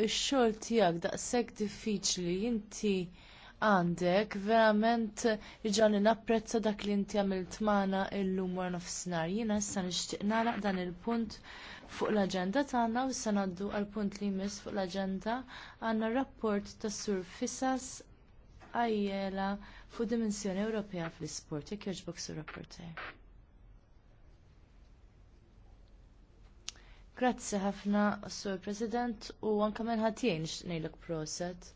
ix-xogħol tiegħek daqshekk diffiċli inti għandek verament iġani napprezza dak li inti għamilt magħna llum wara nofsinhar. Jiena issa nixtieq nagħlaq dan il-punt fuq l-aġenda tagħna u issa ngħaddu għall punt li jmiss fuq l-aġenda għandna rapport tas Sur Fisas Ajjela fuq dimensjoni Ewropea fl-isport. Jekk jogħġbok sur rapporter. Grazzi ħafna, Sur President, u anka menħatjen nejlek proset.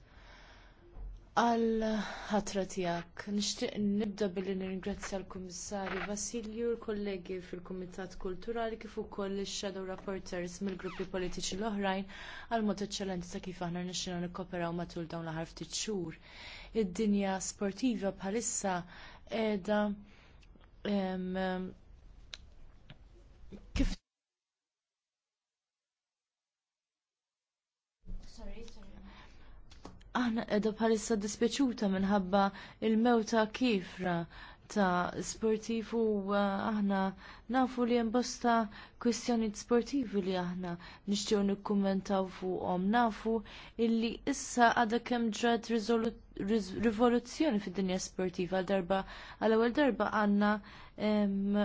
Għal ħatra tiegħek, nixtieq nibda billi ningrazzja l-Kummissarju Vasilju, l-kollegi fil-Kumitat Kulturali kif ukoll ix-Shadow Rapporters mill-gruppi politiċi l-oħrajn għal mod eċċellenti ta' kif aħna nixxina nikkoperaw matul dawn l-ħar ftit xhur. Id-dinja sportiva bħalissa qiegħda kif aħna qiegħda bħalissa dispjaċuta minħabba il-mewta kifra ta' sportiv u uh, aħna nafu li hemm bosta kwistjonijiet sportivi li aħna nixtiequ nikkummentaw fuqhom nafu illi issa għadha kemm ġrat rivoluzzjoni fid-dinja sportiva darba għal ewwel darba għandna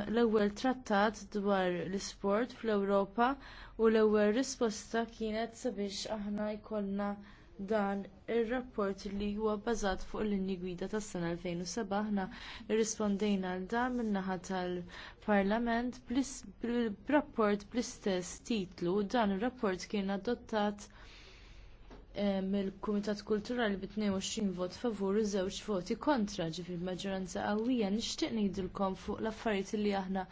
l-ewwel trattat dwar l-isport fl-Ewropa u l-ewwel risposta kienet sabiex aħna jkollna dan ir-rapport li huwa bbażat fuq l linji gwida tas-sena 2007 aħna rrispondejna għal dan min-naħa tal-Parlament b'rapport bl-istess titlu dan ir-rapport kien adottat eh, mill-Kumitat Kulturali bi 22 vot favur u żewġ voti kontra ġifir maġġoranza qawwija nixtieq ngħidilkom fuq l-affarijiet li aħna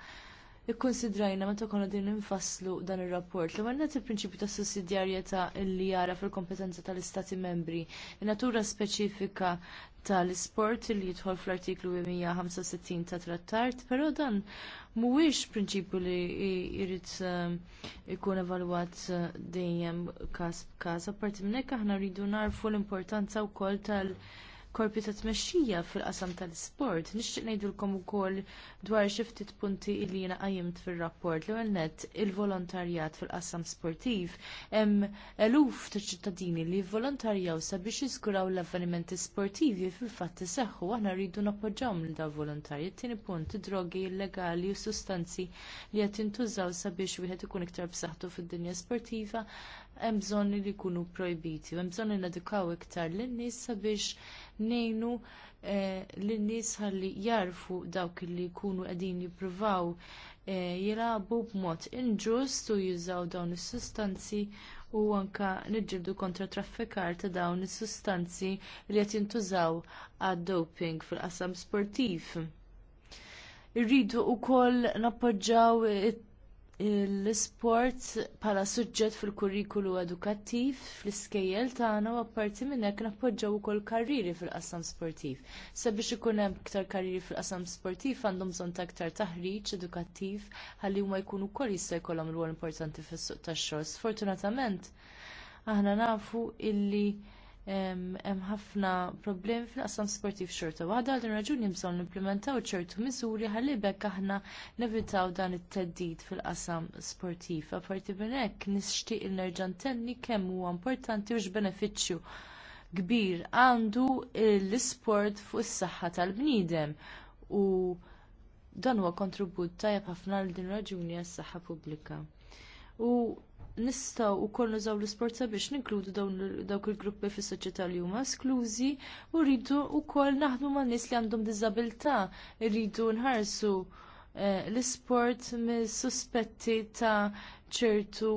ikkonsidrajna meta konna din infasslu dan ir-rapport li għandna il-prinċipju ta' sussidjarjetà li jara fil-kompetenza tal-Istati membri, in-natura speċifika tal-isport li jidħol fl-artiklu 165 ta' trattart, però dan mhuwiex prinċipju li jrid ehm, ikun evalwat eh, dejjem każ b'każ. Apparti minn hekk aħna rridu narfu l-importanza wkoll tal- korpi ta' tmexxija fil-qasam tal-isport. Nixtieq ngħidulkom ukoll dwar xi ftit punti li jiena qajjimt fir-rapport l ewwel nett il-volontarjat fil-qasam sportiv hemm eluf ta' ċittadini li volontarjaw sabiex jiżguraw l-avvenimenti sportivi fil-fatt iseħħu aħna rridu nappoġġawhom lil dawn volontarji. Tieni punt drogi illegali u sustanzi li qed jintużaw sabiex wieħed ikun iktar b'saħħtu fid-dinja sportiva hemm bżonn li jkunu projbiti, hemm bżonn li iktar lin-nies sabiex nejnu eh, l-nies ħalli jarfu dawk li jkunu qegħdin jippruvaw eh, jilagħbu b'mod inġust u jużaw dawn is-sustanzi u anke niġġieldu kontra traffikar ta' dawn is-sustanzi li qed jintużaw għad-doping fil-qasam sportiv. Irridu wkoll nappoġġjaw it l-isport bħala suġġett fil-kurrikulu edukattiv fl-iskejjel tagħna u apparti minn hekk nappoġġaw ukoll karriri fil-qasam sportiv. Sabiex ikun hemm iktar karriri fil-qasam sportiv għandhom bżonn ta' iktar taħriġ edukattiv ħalli huma jkunu wkoll jista' jkollhom rwol importanti fis-suq tax-xogħol. Sfortunatament aħna nafu illi hemm ħafna problemi fil-qasam sportiv xorta waħda għal din raġuni bżonn nimplementaw ċertu miżuri ħalli bekk aħna nevitaw dan it-teddid fil-qasam sportiv. Apparti minn hekk nixtieq il nerġa' ntenni kemm huwa importanti u x'benefiċċju kbir għandu l-isport fuq is-saħħa tal-bniedem u dan huwa kontribut tajjeb ħafna għal din raġuni għas-saħħa pubblika u nistgħu wkoll nużaw l-isport sabiex ninkludu dawk il-gruppi fis soċjetà li huma esklużi u rridu wkoll naħdmu man nies li għandhom diżabilità, rridu nħarsu eh, l-isport mis-suspetti ta' ċertu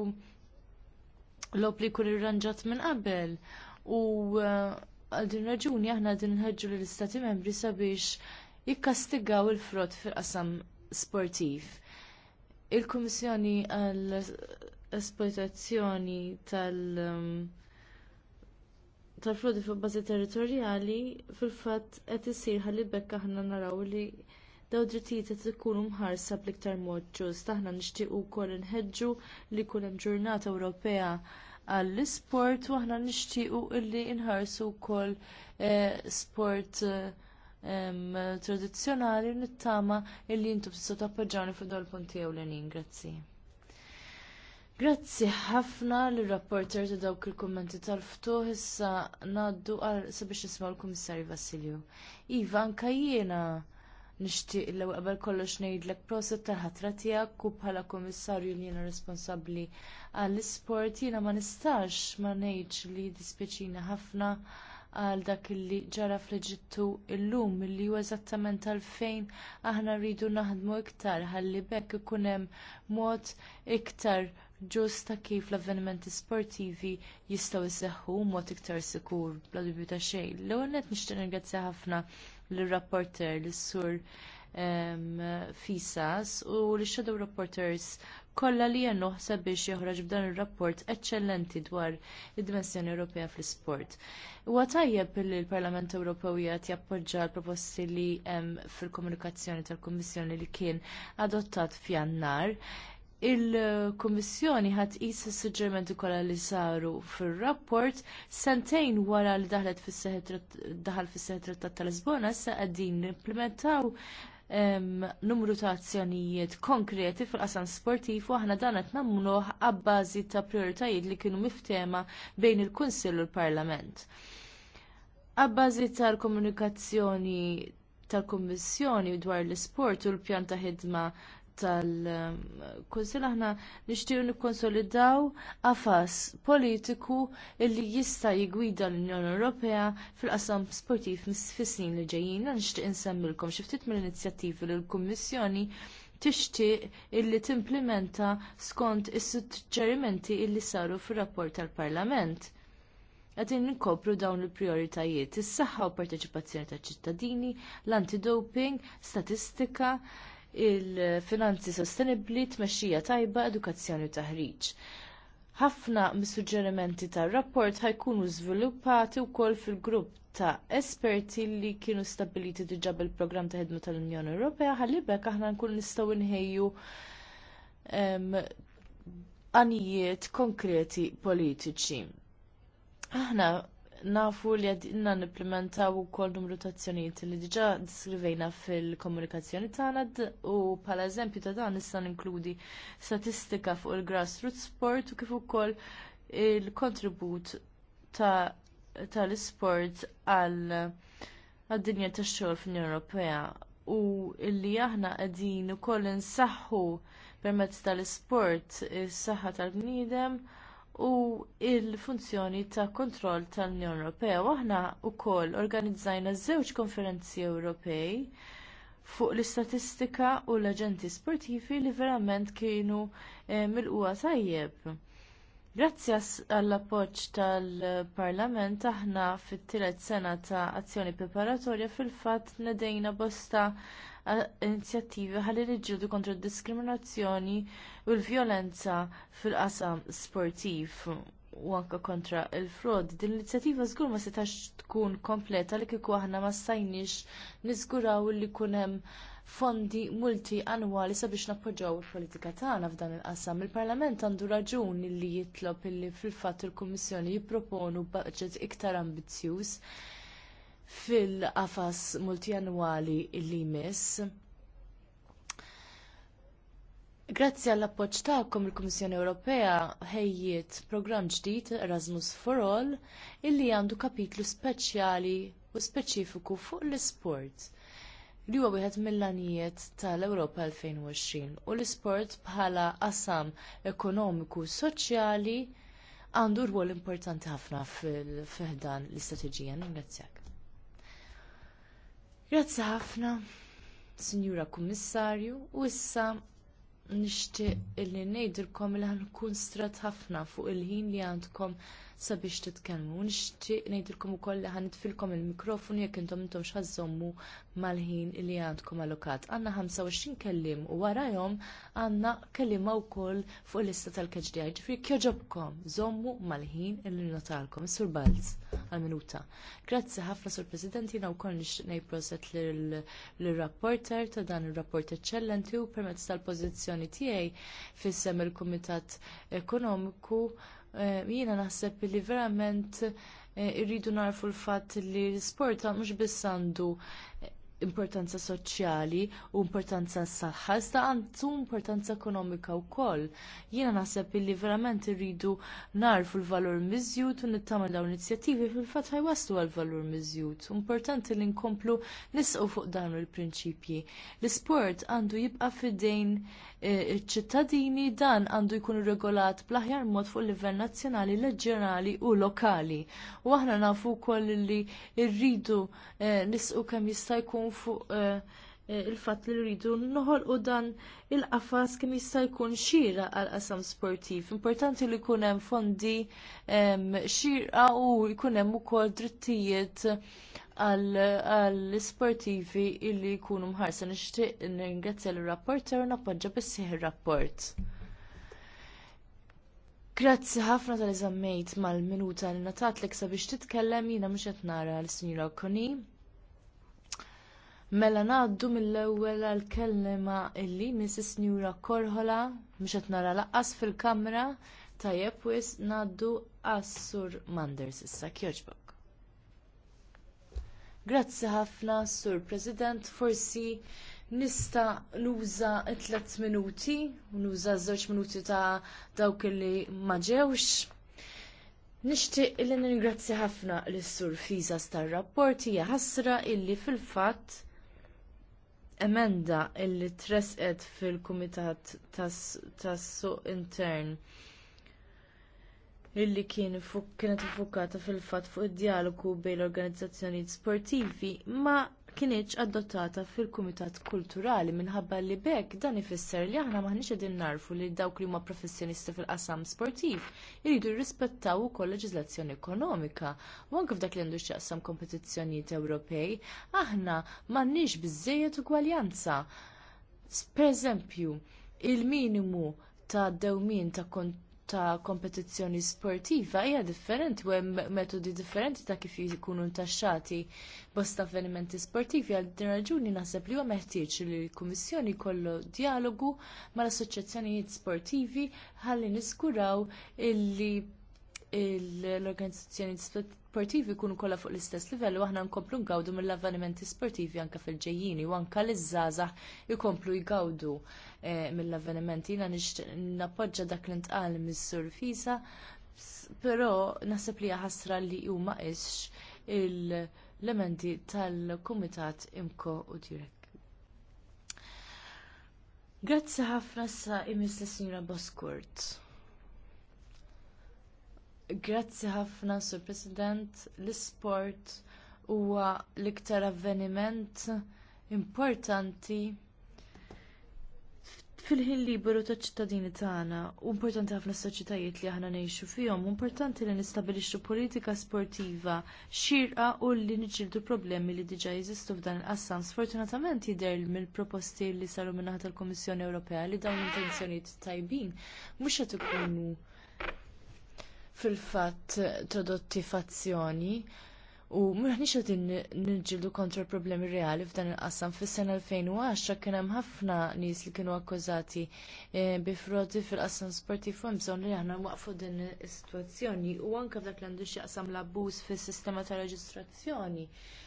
lob li jkun irranġat minn qabel. U eh, għal din raġuni aħna din nħeġġu lill-Istati Membri sabiex jikkastigaw il-frott fil-qasam sportiv il-Kummissjoni għall esploitazzjoni tal- um, tal-frodi fuq bażi territorjali fil-fatt qed isir ħalli bekk aħna naraw li daw drittijiet qed ikunu mħarsa bl-iktar mod ġust. Aħna nixtiequ wkoll inħeġġu li jkun hemm ġurnata Ewropea għall-isport u aħna nixtiequ li nħarsu wkoll eh, sport eh, tradizzjonali nittama illi intu tistgħu tappoġġjani fuq dawn il-punti ewlenin. Grazzi. Grazzi ħafna l-rapporter ta' dawk il-kommenti tal-ftuħ issa naddu għal sabiex nisma' l-Kummissarju Vassilju. Iva, anka jiena nixtieq l qabel kollox ngħidlek proset tal-ħatra tiegħek u bħala kummissarju li jiena responsabbli għall-isport jiena ma nistax ma ngħidx li dispjaċina ħafna għal dak li ġara fl-Eġittu illum li huwa eżattament għalfejn aħna rridu naħdmu iktar ħalli bekk ikun hemm mod iktar ġusta kif l-avvenimenti sportivi jistgħu jseħħu mod iktar sikur bla dubju ta' xejn. L-ewwel qed nixtieq ningrazzja ħafna lir-rapporter lis-sur Fisas u l-Shadow Reporters kollha li jennu sabiex joħroġ b'dan ir-rapport eċċellenti dwar id-dimensjoni Ewropea fl-isport. Huwa tajjeb li l-Parlament Ewropew jgħid jappoġġja l-proposti li hemm fil-komunikazzjoni tal-Kummissjoni li kien adottat f'Jannar il-Kummissjoni ħadd qis is-suġġerimenti kollha li saru fir-rapport sentejn wara li daħlet daħal fis-seħħ trattat tal-Lisbona issa qegħdin nimplementaw numru ta' azzjonijiet konkreti fil-qasam sportiv u aħna dan qed nagħmluh abbażi ta' prijoritajiet li kienu miftema bejn il-Kunsill u l-Parlament. Abbażi tal-komunikazzjoni tal-Kummissjoni dwar l-isport u l-pjan ta' ħidma tal-Kunsil aħna nixtiequ nikkonsolidaw għafas politiku illi jista' jigwida l-Unjoni Ewropea fil-qasam sportiv fis-snin li ġejjin. Nixtieq insemmilkom xi ftit mill-inizjattivi li l-Kummissjoni tixtieq illi timplementa skont is-suġġerimenti illi saru fir-rapport tal-Parlament. Qegħdin nkopru dawn il-prijoritajiet, is-saħħa u parteċipazzjoni taċ ċittadini, l-antidoping, statistika, il-finanzi sostenibbli, tmexxija tajba, edukazzjoni u taħriġ ħafna mis-suġġerimenti tar-rapport ħajkunu żviluppati wkoll fil-grupp ta' esperti li kienu stabbiliti diġà bil-programm ta' ħidma tal-Unjoni Ewropea ħallibek aħna nkunu nistgħu nħejju għanijiet konkreti politiċi. Aħna nafu li għadinna nimplementaw ukoll numru ta' azzjonijiet li diġà diskrivejna fil-komunikazzjoni tagħna u bħala eżempju ta' dan issa ninkludi statistika fuq il-grassroots sport u kif ukoll il-kontribut tal-isport għal għad-dinja tax-xogħol fl-Unjoni Ewropea u li aħna qegħdin ukoll insaħħu permezz tal-isport is-saħħa tal-bniedem u l funzjoni ta' kontroll tal-Unjoni Ewropea. Aħna wkoll organizzajna żewġ konferenzi Ewropej fuq l-istatistika u l-aġenti sportivi li verament kienu eh, milquwa tajjeb. Grazzi għall appoġġ tal-Parlament aħna fit-tielet sena ta' azzjoni preparatorja fil-fatt nedejna bosta inizjattivi ħalli niġġieldu kontra d-diskriminazzjoni u l-vjolenza fil-qasam sportiv u anke kontra l frod Din l-inizjattiva żgur ma setax tkun kompleta li kieku aħna ma stajniex niżguraw li jkun hemm fondi multi annwali sabiex nappoġġaw il-politika tagħna f'dan il-qasam. Il-Parlament għandu raġun li jitlob illi fil-fatt il-Kummissjoni jipproponu budget iktar ambizzjuż fil-qafas multijanwali li jmiss. Grazzi għall appoġġ tagħkom il-Kummissjoni Ewropea ħejjiet programm ġdid Erasmus for All illi għandu kapitlu speċjali u speċifiku fuq l-isport li huwa wieħed mill-għanijiet tal-Ewropa 2020 u l-isport bħala qasam ekonomiku soċjali għandu rwol importanti ħafna fil-fehdan l-istrateġija. Ningrazzjak. Grazzi ħafna, Sinjura Kummissarju, u issa nixtieq illi ngħidilkom li ħankun strat ħafna fuq il-ħin li għandkom sabiex titkellmu. Nixtieq ngħidilkom ukoll li ħanitfilkom il-mikrofon jekk intom intom x'ħażommu mal-ħin li għandkom allokat. Għandna 25 kelliem u warahom għandna kelliema wkoll fuq il-lista tal-KGDI. Ġifieri kjoġobkom żommu mal-ħin li notalkom. Sur Balz għal-minuta. Grazzi ħafna sur President jiena wkoll nixtieq ngħid proset lir-rapporter ta' dan ir-rapport eċċellenti u permezz tal-pożizzjoni tiegħi fissem il-Kumitat Ekonomiku Eh, jiena naħseb li verament eh, irridu narfu l-fatt li l-sport mhux biss għandu eh, importanza soċjali u importanza s-saħħa, iżda għandu importanza ekonomika wkoll. Jiena naħseb li verament irridu narfu l-valur miżjud u nittama dawn inizjattivi fil-fatt ħajwaslu għal-valur miżjud. Importanti li nkomplu nisqu fuq dawn il-prinċipji. L-isport għandu jibqa' fidejn ċittadini dan għandu jkun regolat bl-aħjar mod fuq livell nazzjonali, leġjonali u lokali. U aħna nafu wkoll li rridu eh, nisqu kemm jista' jkun fuq eh, eh, il-fatt li rridu u dan il-qafas kemm jista' jkun xira għal qasam sportiv. Importanti li jkun hemm fondi xira u jkun hemm ukoll drittijiet għall-sportivi illi jkunu mħarsa nixtieq nirringrazzja l-rapporter u nappoġġa bissieħ ir-rapport. Grazzi ħafna tal-eżammejt mal-minuta li ngħatatlek sabiex titkellem jiena mhux qed nara l-Sinjura Koni. Mela ngħaddu mill-ewwel għall-kelma illi is Sinjura Korhola mhux qed nara laqqas fil-kamra tajjeb wis ngħaddu għas-Sur Manders issa kjoġba. Grazzi ħafna, Sur President, forsi nista nuża t tliet minuti, nuża żewġ minuti ta' dawk li ma ġewx. Nixtieq li ningrazzi ħafna lis sur Fisas tar-rapport hija ħasra illi fil-fatt emenda illi tresqet fil-Kumitat tas-Suq Intern illi kien kienet infukata fil-fatt fuq id-dialogu bejn l-organizzazzjonijiet sportivi ma kienieċ adottata fil-Kumitat Kulturali minħabba li bekk dan ifisser li aħna maħniex qegħdin narfu li dawk li huma professjonisti fil-qasam sportiv iridu jirrispettaw ukoll leġiżlazzjoni ekonomika u anke f'dak li għandu x'jaqsam kompetizzjonijiet Ewropej, aħna m'għandniex biżżejjed ugwaljanza. Pereżempju, il-minimu ta' dewmien ta' kont ta' kompetizzjoni sportiva hija differenti u hemm metodi differenti ta' kif ikunu ntaxxati bosta avvenimenti sportivi għal din raġuni naħseb li huwa meħtieġ li l-Kummissjoni jkollu dialogu mal-assoċjazzjonijiet sportivi ħalli niżguraw illi l-organizzazzjoni sportivi jkunu kollha fuq l-istess livell u aħna nkomplu ngawdu mill-avvenimenti sportivi anke fil-ġejjini u anke l-iżżażagħ jkomplu jgawdu eh, mill-avvenimenti. Jiena nixtieq nappoġġa dak li ntqal mis-sur Fisa, però naħseb li ħasra li huma qisx l-elementi tal-Kumitat Imko u Direk. Grazzi ħafna sa imis l-Sinjora Boskurt. Grazzi ħafna, Sur President. L-isport huwa l-iktar avveniment importanti fil-ħin liberu taċ ċittadini tagħna, u importanti ħafna s-soċjetajiet li aħna ngħixu fihom, importanti li nistabilixxu politika sportiva xirqa u li niġġieldu problemi li diġà jeżistu f'dan il-qassam. Sfortunatament jidher mill-proposti li saru minnaħa tal-Kummissjoni Ewropea li dawn l-intenzjonijiet tajbin mhux qed ikunu fil-fatt tradotti fazzjoni U mħniċ qegħdin nġildu kontra problemi reali f'dan il-qassam. Fis-sena 2010 kien hemm ħafna nies li kienu akkużati e, bi frodi fil-qassam sportiv u bżonn li aħna waqfu din is-sitwazzjoni u anke f'dak li għandu x'jaqsam l-abbuż fis-sistema ta' reġistrazzjoni.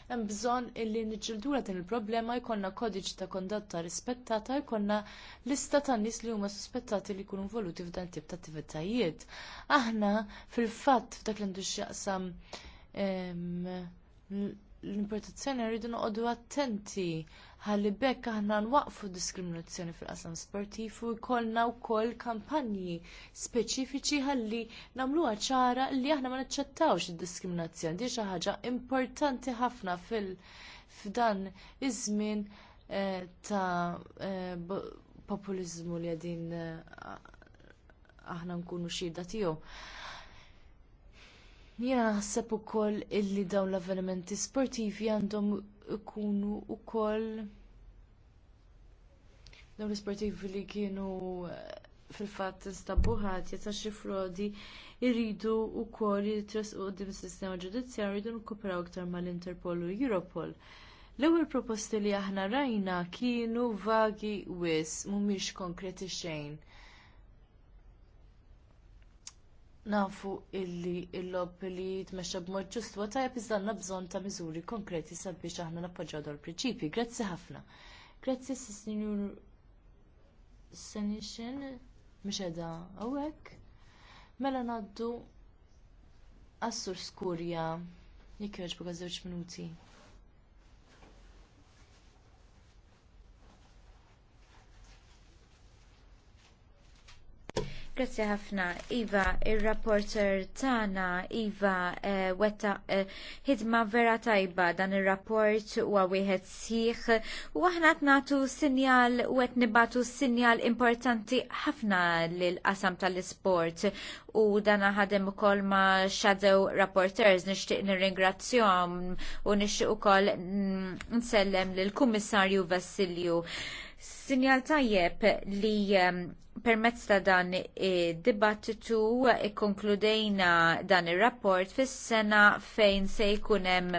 Hemm bżonn illi niġġildura din il-problema jkollna kodiċ ta' kondotta rispettata jkollna lista ta' nies li huma suspettati li jkunu involuti f'dan tip ta' attivitajiet. Aħna fil-fatt f'dak li għandu x'jaqsam l-importazzjoni rridu noqogħdu attenti ħalli bekk aħna nwaqfu diskriminazzjoni fil-qasam sportiv u jkollna wkoll kampanji speċifiċi ħalli nagħmluha ċara li aħna ma naċċettawx id-diskriminazzjoni. Di xi ħaġa importanti ħafna f'dan iż-żmien eh, ta' eh, populiżmu li qegħdin eh, aħna nkunu xhieda tiegħu. Jiena naħseb ukoll illi dawn l-avvenimenti sportivi għandhom ikunu wkoll dawn l-sportivi li kienu eh, fil-fatt instabbu ħatja ta' xi frodi jridu wkoll jitresqu qudiem is-sistema ġudizzjarju jridu nkoperaw iktar mal-Interpol u Europol. L-ewwel proposti li aħna rajna kienu vagi wis mhumiex konkreti xejn. nafu illi il-lob li jitmexxa b'mod ġust huwa tajjeb iżda għandna bżonn ta' miżuri konkreti sabiex aħna nappoġġjaw dal prinċipji. Grazzi ħafna. Grazzi Sinjur Senishin mhux qiegħda hawnhekk. Mela ngħaddu għas skurja jekk jogħġbok żewġ minuti. Grazzi ħafna. Iva, il-rapporter tagħna Iva, eh, wetta eh, ħidma vera tajba dan ir rapport huwa wieħed sħiħ u aħna nagħtu sinjal u qed nibatu sinjal importanti ħafna lil qasam tal-isport u dan ħadem ukoll ma' shadow rapporters nixtieq nirringrazzjahom u nixtieq ukoll mm, nsellem lill kummissarju Vassilju. Sinjal tajjeb li ehm, permezz ta' dan id-dibattitu ikkonkludejna dan ir-rapport fis-sena fejn se jkun hemm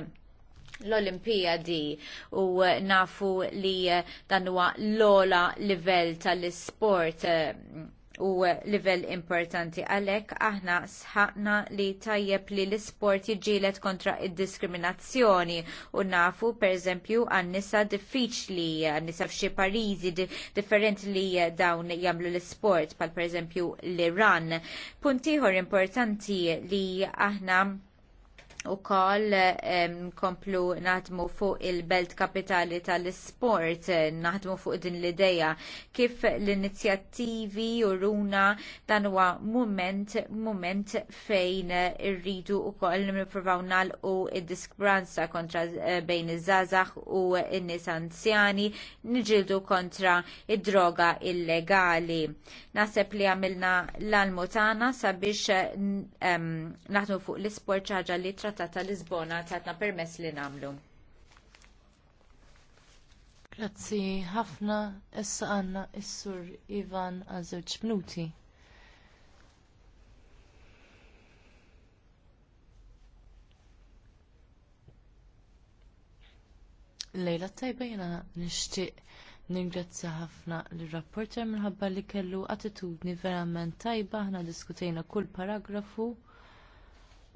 l-Olimpijadi u nafu li eh, dan huwa l-ola livell tal-isport eh, u livell importanti għalhekk aħna sħaqna li tajjeb li l-isport jiġielet kontra id-diskriminazzjoni u nafu pereżempju għan-nisa diffiċli għan-nisa f'xi pajjiżi differenti li dawn jagħmlu l-isport bħal pereżempju l-Iran. Punt ieħor importanti li aħna ukoll komplu naħdmu fuq il-belt kapitali tal-sport, naħdmu fuq din l-ideja kif l-inizjattivi u runa dan huwa mument, mument fejn irridu ukoll nippruvaw nagħlqu id-diskranza kontra eh, bejn iż-żazax u n-nies anzjani, niġildu kontra id-droga illegali. Naħseb li għamilna l-almutana sabiex naħdmu fuq l-isport ċaġa li trat it-Trattat ta' Lisbona tatna permess li nagħmlu. Grazzi ħafna issa għandna is-sur Ivan għal żewġ minuti. Lejla tajba jena nixtieq Ningrazzja ħafna l-rapporter minħabba li kellu attitudni verament tajba ħna diskutejna kull paragrafu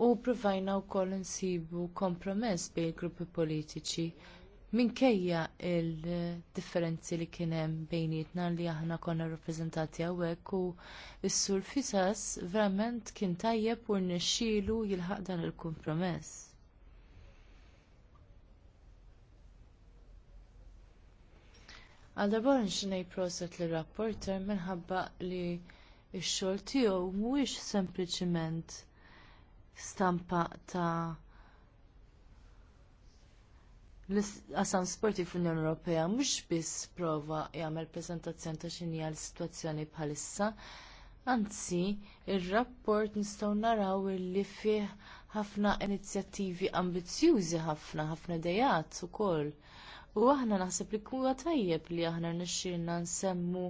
u provajna wkoll insibu kompromess bejn gruppi politiċi minkejja il-differenzi li kien hemm bejnietna li aħna konna rappreżentati hawnhekk u s-sur Fisas verament kien tajjeb u rnexxielu jilħaq dan il-kompromess. Għaldabor nxinaj proset li rapporter minħabba li x-xol tiegħu mhuwiex sempliċiment stampa ta' l-qasam sporti fl-Unjoni Ewropea mhux biss prova jagħmel preżentazzjoni ta' x'inhi l-sitwazzjoni bħalissa, anzi ir-rapport nistgħu naraw li fih ħafna inizjattivi ambizzjużi ħafna ħafna dejat ukoll. U aħna naħseb li kuwa tajjeb li aħna nixxilna nsemmu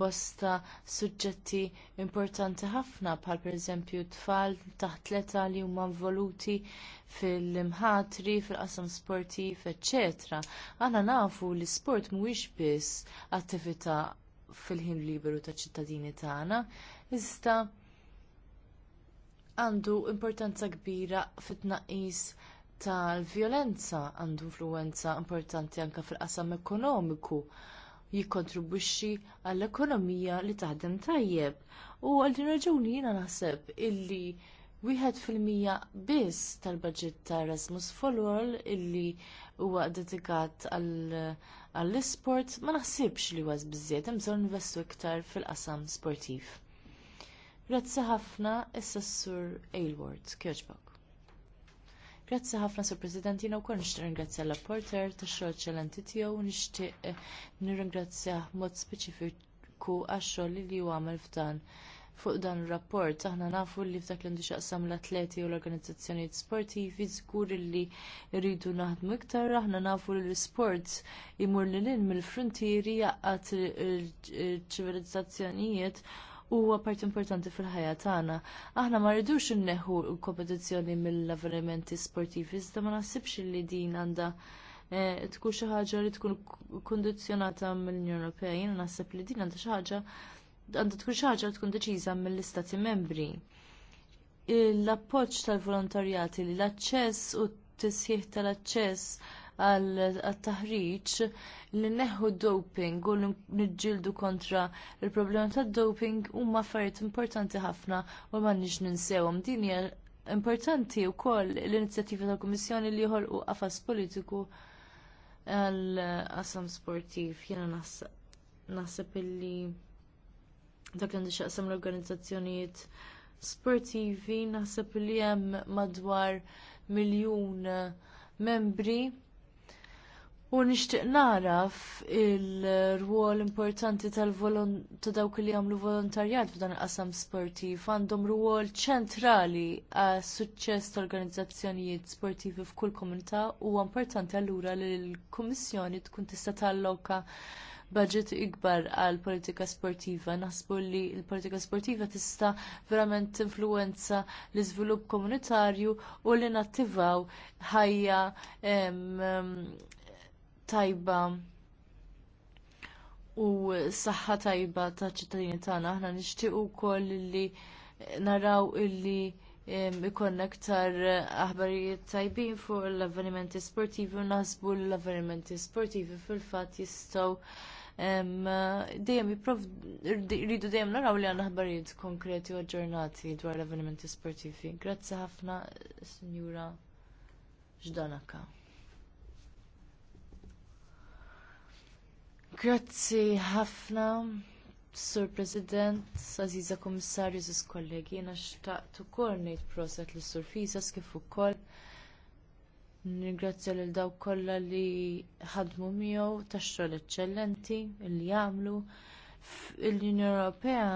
bosta suġġetti importanti ħafna bħal pereżempju t tfal taħt tleta li huma involuti fil-imħatri, fil-qasam sportiv, etc. Aħna nafu li sport mhuwiex biss attività fil-ħin liberu taċ ċittadini tagħna, iżda għandu importanza kbira fit-tnaqqis tal-vjolenza għandu influwenza importanti anke fil-qasam ekonomiku jikkontribwixxi għall-ekonomija li taħdem tajjeb. U għal din raġuni jiena naħseb illi wieħed fil-mija biss tal-budget ta' Erasmus for All illi huwa dedikat għall-isport ma naħsibx li huwa biżżejjed hemm bżonn investu iktar fil-qasam sportiv. Grazzi ħafna, Assessur Aylward, Kirchbach. Grazzi ħafna, Sur President, jina u kol nirringrazzja l-apporter ta' xogħol ċellenti tiegħu nixtieq nirringrazzja mod speċifiku għax-xogħol li hu għamel f'dan fuq dan ir rapport aħna nafu li f'dak li għandu xaqsam l-atleti u l-organizzazzjonijiet sportivi żgur li rridu naħdmu iktar, aħna nafu li l-sport imur lil mill-frontieri jaqgħat il-ċivilizzazzjonijiet huwa part importanti fil-ħajja tagħna. Aħna ma rridux inneħu l-kompetizzjoni mill-avvenimenti sportivi, iżda ma naħsibx li din għandha eh, tkun xi ħaġa li tkun kundizzjonata mill-Unjoni Ewropea. Jiena naħseb li din għandha xi ħaġa għandha tkun xi ħaġa li tkun deċiża mill-Istati membri. L-appoġġ tal-volontarjati li l-aċċess u t-tisħiħ tal-aċċess għal-taħriġ li neħu doping u niġġieldu kontra il-problema tad doping huma affarijiet importanti ħafna u m'għandniex ninsewhom. Din hija importanti wkoll l-inizjattiva tal-Kummissjoni li jħolqu qafas politiku għal-qasam sportiv. Jiena naħseb illi dak li għandu xjaqsam l-organizzazzjonijiet sportivi naħseb li hemm madwar miljun membri U nixtieq naraf il-rwol importanti tal-volontarjat dawk li jagħmlu volontarjat f'dan il-qasam sportiv għandhom rwol ċentrali għas suċċess ta' organizzazzjonijiet sportivi f'kull komunità u importanti allura li l-Kummissjoni tkun tista' talloka budget ikbar għal politika sportiva. Naħsbu li l-politika sportiva tista' verament tinfluwenza l-iżvilupp komunitarju u li nattivaw ħajja tajba u saħħa tajba ta' ċittadini tagħna aħna nixtiequ wkoll li naraw illi ikonna aktar aħbarijiet tajbin fuq l-avvenimenti sportivi u naħsbu l-avvenimenti sportivi fil-fatt jistgħu dejjem jridu dejjem naraw li għandna aħbarijiet konkreti u aġġornati dwar l-avvenimenti sportivi. Grazzi ħafna, Sinjura Ġdanaka. Grazzi ħafna, Sur President, Aziza Komissarju, Ziz kollegi, jena xtaqt u kornejt proset li Sur Fisa kif ukoll. Ningrazzja lil dawk kollha li ħadmu miegħu tax-xogħol eċċellenti li jagħmlu. L-Unjoni Ewropea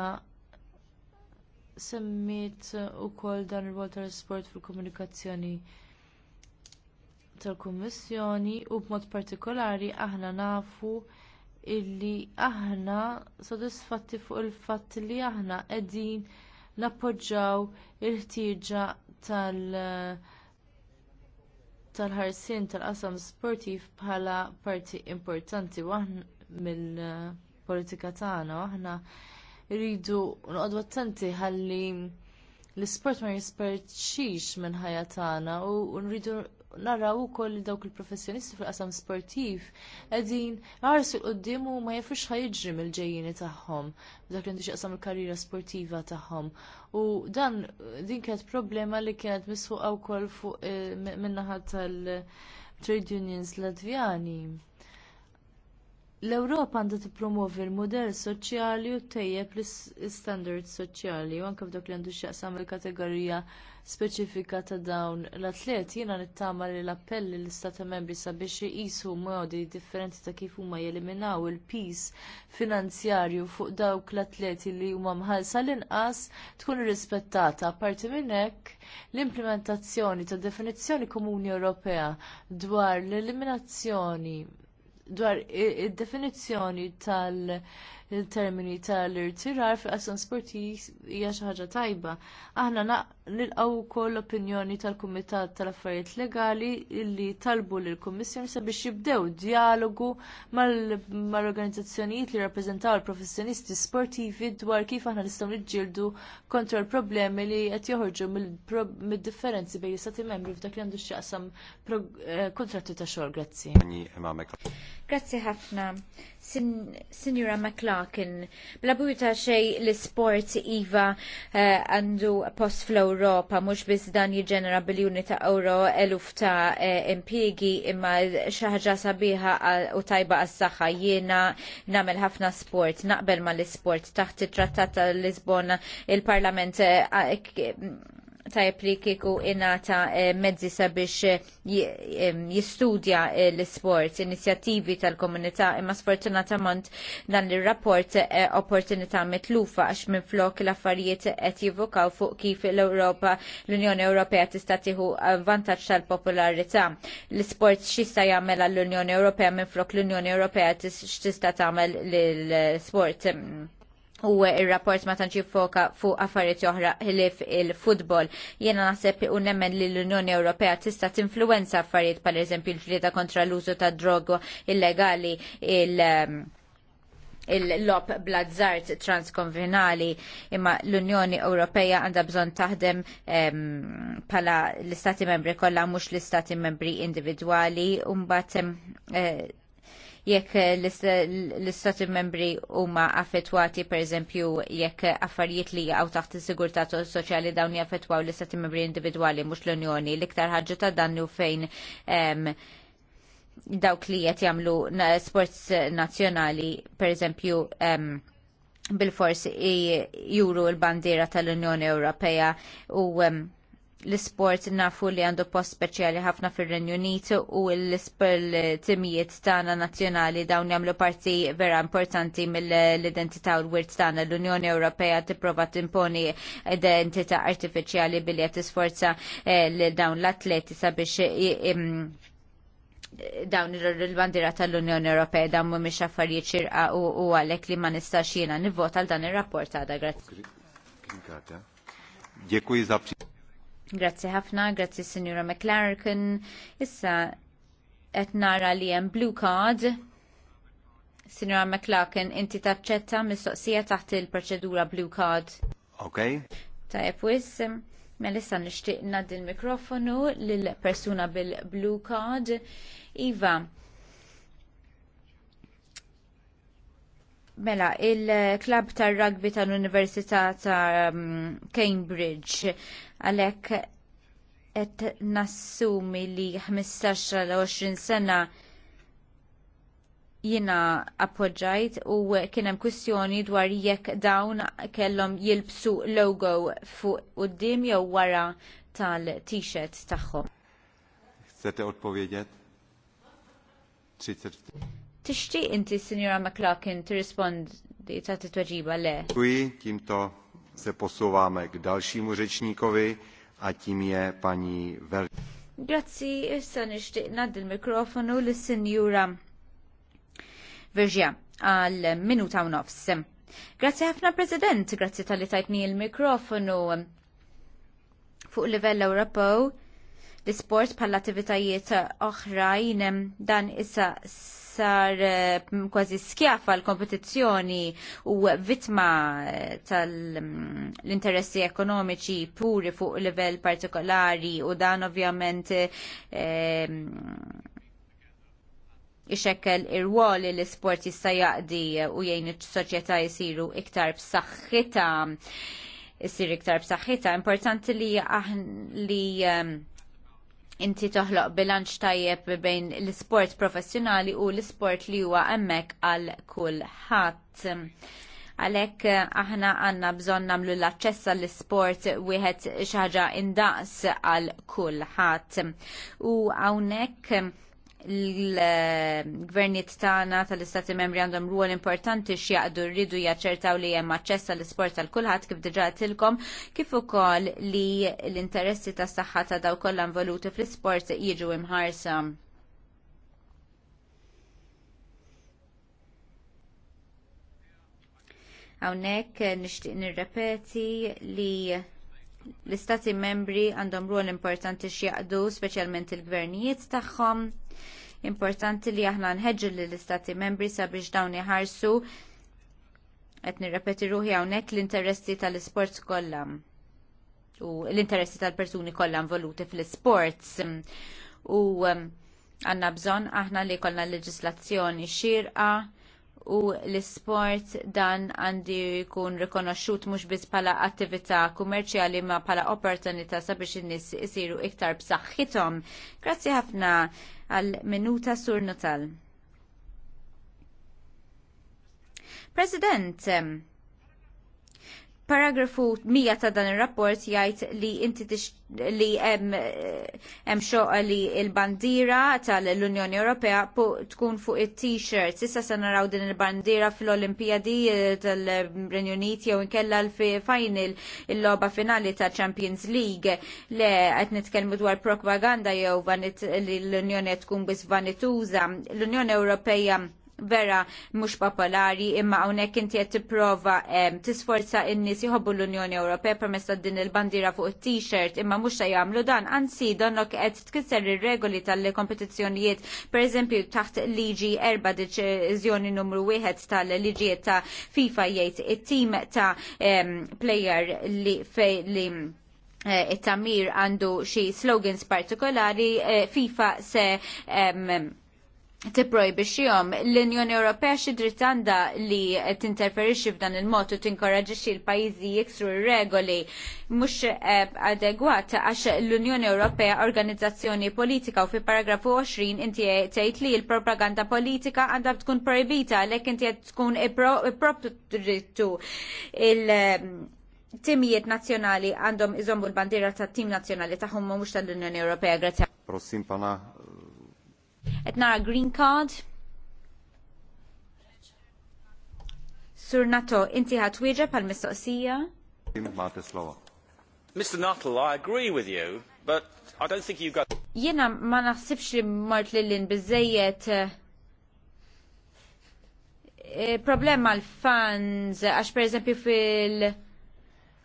semmiet ukoll dan il rwol Sport fil-komunikazzjoni tal-Kummissjoni u b'mod partikolari aħna nafu illi aħna sodisfatti fuq il-fatt li aħna qegħdin nappoġġjaw il-ħtieġa tal- tal-ħarsien tal-qasam sportiv bħala parti importanti mill-politika tagħna aħna rridu noqogħdu attenti ħalli l-isport ma jisperċix minn ħajja tagħna u rridu naraw ukoll li dawk il-professjonisti fil-qasam sportiv qegħdin ħarsu l-qoddim u ma jafux ħajġri mill-ġejjini tagħhom dak li xaqsam il-karriera sportiva tagħhom. U dan din kienet problema li kienet misfuqa wkoll fuq eh, min-naħa tal-trade unions Latvjani. L-Ewropa għandha tippromovi l-mudell soċjali u tejjeb l istandards soċjali u anke f'dak li għandu x'jaqsam il-kategorija speċifika ta' dawn l-atleti jiena nittama li l-appelli l-Istati Membri sabiex iqisu modi differenti ta' kif huma jeliminaw il-pis finanzjarju fuq dawk l-atleti li huma mħallsa l-inqas tkun irrispettata. Apparti minn hekk, l-implementazzjoni ta' definizzjoni komuni Ewropea dwar l-eliminazzjoni dwar id-definizzjoni tal- il-termini tal-irtirar fi qasam sportiv hija xi ħaġa tajba. Aħna nilqgħu wkoll l-opinjoni tal-Kumitat tal-Affarijiet Legali li talbu lill kummissjoni sabiex jibdew dialogu mal-organizzazzjonijiet li rappreżentaw il-professjonisti sportivi dwar kif aħna nistgħu niġġieldu kontra l-problemi li qed joħorġu mid-differenzi bejn l-istati membri f'dak li għandu x'jaqsam eh, kontratti ta' xogħol. Grazzi. Grazzi ħafna. Sinjura McLaren kien bla buta xej l-sport Iva eh, għandu post fl-Europa, mux biz dan jiġenera biljoni ta' euro eluf ta' eh, impiegi imma xaħġa sabiħa u tajba għas-saħħa jiena namel ħafna sport, naqbel ma l-sport taħt it-trattat tal-Lisbona il-Parlament eh, tajb li kiku innata eh, mezzi sabiex eh, jistudja eh, l-sport, inizjattivi tal-komunità, imma sfortunatament dan il-rapport opportunità mitlufa għax minn flok l-affarijiet qed jivokaw fuq kif l-Ewropa, l-Unjoni Ewropea tista' tieħu vantaġġ tal-popolarità. L-sport xista jagħmel għall unjoni Ewropea minn flok l-Unjoni Ewropea tista' tagħmel l-sport u il-rapport ma tanċi foka fuq affarijiet oħra ħilif il-futbol. Jiena naħseb u nemmen li l-Unjoni Ewropea tista' tinfluwenza affarijiet pal eżempju l ġlieta kontra l-użu ta' drogo illegali il- um, il-lop blazzart transkonvenali imma l-Unjoni Ewropeja għandha bżonn taħdem um, pala l-istati membri kollha mhux l-istati membri individwali u mbagħad eh, jekk eh, l-istati membri huma affettwati pereżempju jekk affarijiet li jaqgħu taħt is-sigurtà soċjali dawn jaffettwaw l-istati membri individwali mhux l-Unjoni l-iktar ħaġa ta' dannu fejn ehm, dawk li qed jagħmlu sports nazzjonali pereżempju ehm, bil-fors juru l-bandiera tal-Unjoni Ewropea u um, l-sport nafu li għandu post speċjali ħafna fir-Renju Unit u l-timijiet tagħna nazzjonali dawn jagħmlu parti vera importanti mill-identità u l-wirt tagħna. L-Unjoni Ewropea tipprova timponi identità artifiċjali billi qed tisforza eh, lil dawn l-atleti sabiex dawn il-bandira tal-Unjoni Ewropea dawn mhumiex affarijiet xirqa u għalhekk li ma nistax jiena nivvota għal dan ir-rapport għada. Grazzi. Grazzi ħafna, grazzi Signora McLarkin. Issa qed nara li hemm blue card. Signora McLarkin, inti taċċetta mistoqsija taħt il-proċedura blue card. Ok. Tajb wis, Melissa nixtieq ngħaddi l-mikrofonu lil persuna bil-blue card. Iva, Mela, il-klab tar rugby tal-Università ta' Cambridge Għalhekk qed nassumi li 15 20 sena jina appoġġajt u kien hemm kwistjoni dwar jekk dawn kellhom jilbsu logo fuq quddiem jew wara tal-t-shirt tagħhom. Chcete odpowiedzieć? Tixtieq inti, Sinjora McLaughlin, rispondi ta' titweġiba le. Kwi, kim to se posouváme k dalšímu řečníkovi a tím je paní Vel. Grazzi, issa nixtieq nad il-mikrofonu lis-Sinjura Virgia għal minuta u nofs. Grazzi ħafna President, grazzi tal-li tajtni il-mikrofonu fuq livell Ewropew l-isport bħal attivitajiet oħrajn dan issa sar eh, kważi skjafa l-kompetizzjoni u vitma eh, tal-interessi mm, ekonomiċi puri fuq livell partikolari u dan ovvjament eh, ixekkel ir-wol li l-sport jista' jaqdi u jgħin iċ-soċjetà jsiru iktar b'saħħitha jsir iktar b'saħħitha importanti li aħn li ehm, inti toħloq bilanċ tajjeb bejn l isport professjonali u l isport li huwa hemmhekk għal kulħadd. Għalhekk eh, aħna għandna bżonn nagħmlu l-aċċess għall isport wieħed xi ħaġa indaqs għal kulħadd. U hawnhekk l-gvernijiet tagħna tal-istati membri għandhom ruol importanti x'jaqdu rridu jaċċertaw li hemm aċċess għall-isport tal kulħadd kif diġà tilkom kif ukoll li l-interessi tas-saħħa ta' daw kollha involuti fl-isport jiġu imħarsa. Hawnhekk nixtieq nirrepeti li l-istati membri għandhom rol importanti x'jaqdu, speċjalment il-gvernijiet tagħhom Importanti li aħna nħeġġu lill istati membri sabiex dawn iħarsu qed nirrepeti ruħi hawnhekk l-interessi tal-isports kollha u l-interessi tal-persuni kollha involuti fl-isports. U um, għandna bżonn aħna li kollna leġislazzjoni xirqa u l-sport dan għandi jkun rikonoxxut mhux biss bħala attività kummerċjali ma bħala opportunità sabiex in-nies isiru iktar b'saħħithom. Grazzi ħafna għal minuta sur notal. President, Paragrafu 100 ta' dan ir-rapport jgħid li inti li hemm eh, xoqa li l-bandira tal-Unjoni Ewropea tkun fuq it-t-shirts. Issa se naraw din il-bandira fl-Olimpijadi eh, tal-Renju Unit jew inkella l-final il-logħba finali ta' Champions League. Le qed nitkellmu dwar propaganda jew li l-Unjoni tkun biss vanituża. L-Unjoni Ewropea vera mhux popolari imma hawnhekk inti qed tipprova tisforza n-nies jħobbu l-Unjoni Ewropea permezz ta' din il-bandira fuq it-t-shirt imma mhux se jagħmlu dan, anzi donok qed tkisser ir-regoli tal-kompetizzjonijiet pereżempju taħt liġi erba' deċiżjoni numru wieħed tal-liġijiet ta' FIFA jgħid it-tim ta' player li fej li eh, it-tamir għandu xi slogans partikolari eh, FIFA se tipprojbixxihom. L-Unjoni Ewropea xi dritt għandha li tinterferixxi f'dan il-mod u tinkoraġixxi l-pajjiżi jiksru r-regoli mhux eh, adegwat għax l-Unjoni Ewropea organizzazzjoni politika u fi paragrafu 20 inti tgħid li l-propaganda politika għandha tkun projbita għalhekk inti qed tkun ipproptrittu il- eh, timijiet nazzjonali għandhom iżommu l-bandira tat tim nazzjonali tagħhom mhux tal-Unjoni Ewropea. Grazzi. Prossim pana Et nara green card. Sur Nato, inti ħat wieġa pal mistoqsija Mr. Nuttall, I agree with you, but I don't think you got... Jena ma naħsibx li mart lillin bizzejiet eh, eh, problema l-fans, għax per eżempju fil-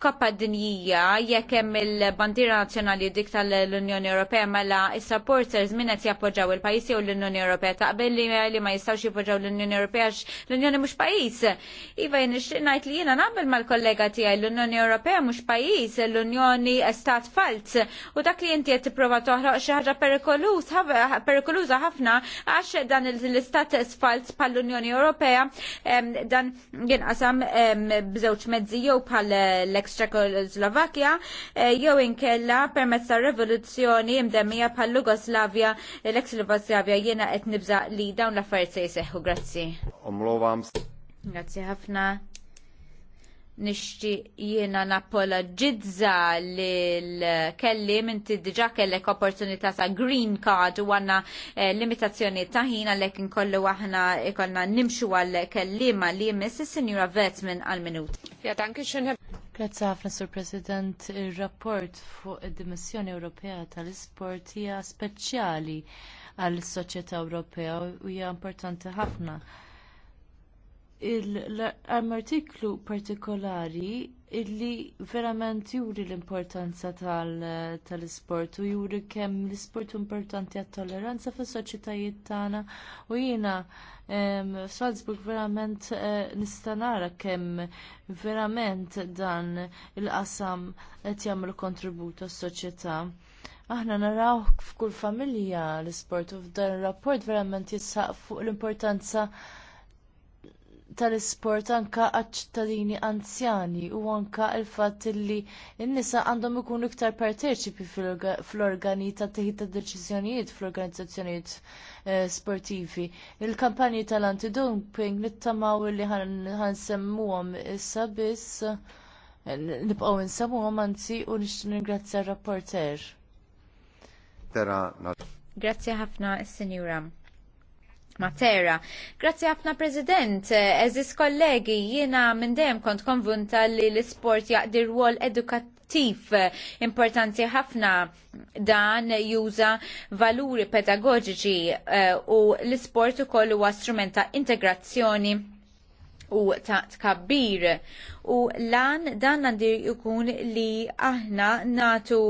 koppa dinjija jekk hemm il-bandira nazzjonali dik tal-Unjoni Ewropea mela is-supporters min qed jappoġġaw il-pajjiż jew l-Unjoni Ewropea taqbel li ma jistgħux jippoġġaw l-Unjoni Ewropea l-Unjoni mhux pajjiż. Iva jien nixtieq ngħid li jiena naqbel mal-kollega tiegħi l-Unjoni Ewropea mhux pajjiż, l-Unjoni stat falt u dak li inti qed tipprova toħroq xi ħaġa perikoluża ħafna għax dan l-istat sfalt pal-Unjoni Ewropea dan jinqasam bżewġ mezzi jew bħal l Slovakja eh, jew inkella permezz ta' rivoluzzjoni imdemmija bħal Lugoslavja l-ex Lugoslavja jiena qed nibża li dawn l-affarijiet se jseħħu. Grazzi. Omlovam. Grazzi ħafna nixtieq jiena napologizza l-kelli inti diġà kellek opportunità ta' green card u għandna eh, limitazzjoni ta' ħin għalhekk kollu aħna ikonna nimxu għal kellima li jmiss is-Sinjura Vetman għal minut. Ja, danke xinħeb. ħafna Sur President, ir-rapport fuq id-Dimissjoni Ewropea tal-Isport hija speċjali għall soċjetà Ewropea u hija importanti ħafna l artiklu partikolari illi verament juri l-importanza tal-isport u juri kemm l-isport importanti għat-tolleranza fis-soċjetajiet tagħna u jiena Salzburg verament eh, nista' nara kemm verament dan il-qasam qed jagħmel kontribut għas-soċjetà aħna naraw f'kull familja l-isport u f'dan ir rapport verament jissaq fuq l-importanza tal-isport anke għaċ-ċittadini anzjani u anke l-fatt li n-nisa għandhom ikunu iktar parteċipi fl-organi ta' teħid ta' deċiżjonijiet fl-organizzazzjonijiet eh, sportivi. Il-kampanji tal-antidumping nittamaw li ħansemmuhom issa biss eh, nibqgħu nsemmuhom anzi u nixtieq ningrazzja r-rapporter. Grazzi ħafna is-Sinjura. Matera. Grazzi ħafna President, eżis kollegi, jiena minn dejjem kont konvunta li l-isport jaqdir rwol edukattiv importanti ħafna dan juża valuri pedagogiċi eh, u l-isport ukoll huwa strument ta' integrazzjoni u ta' tkabbir. U lan dan għandir ikun li aħna natu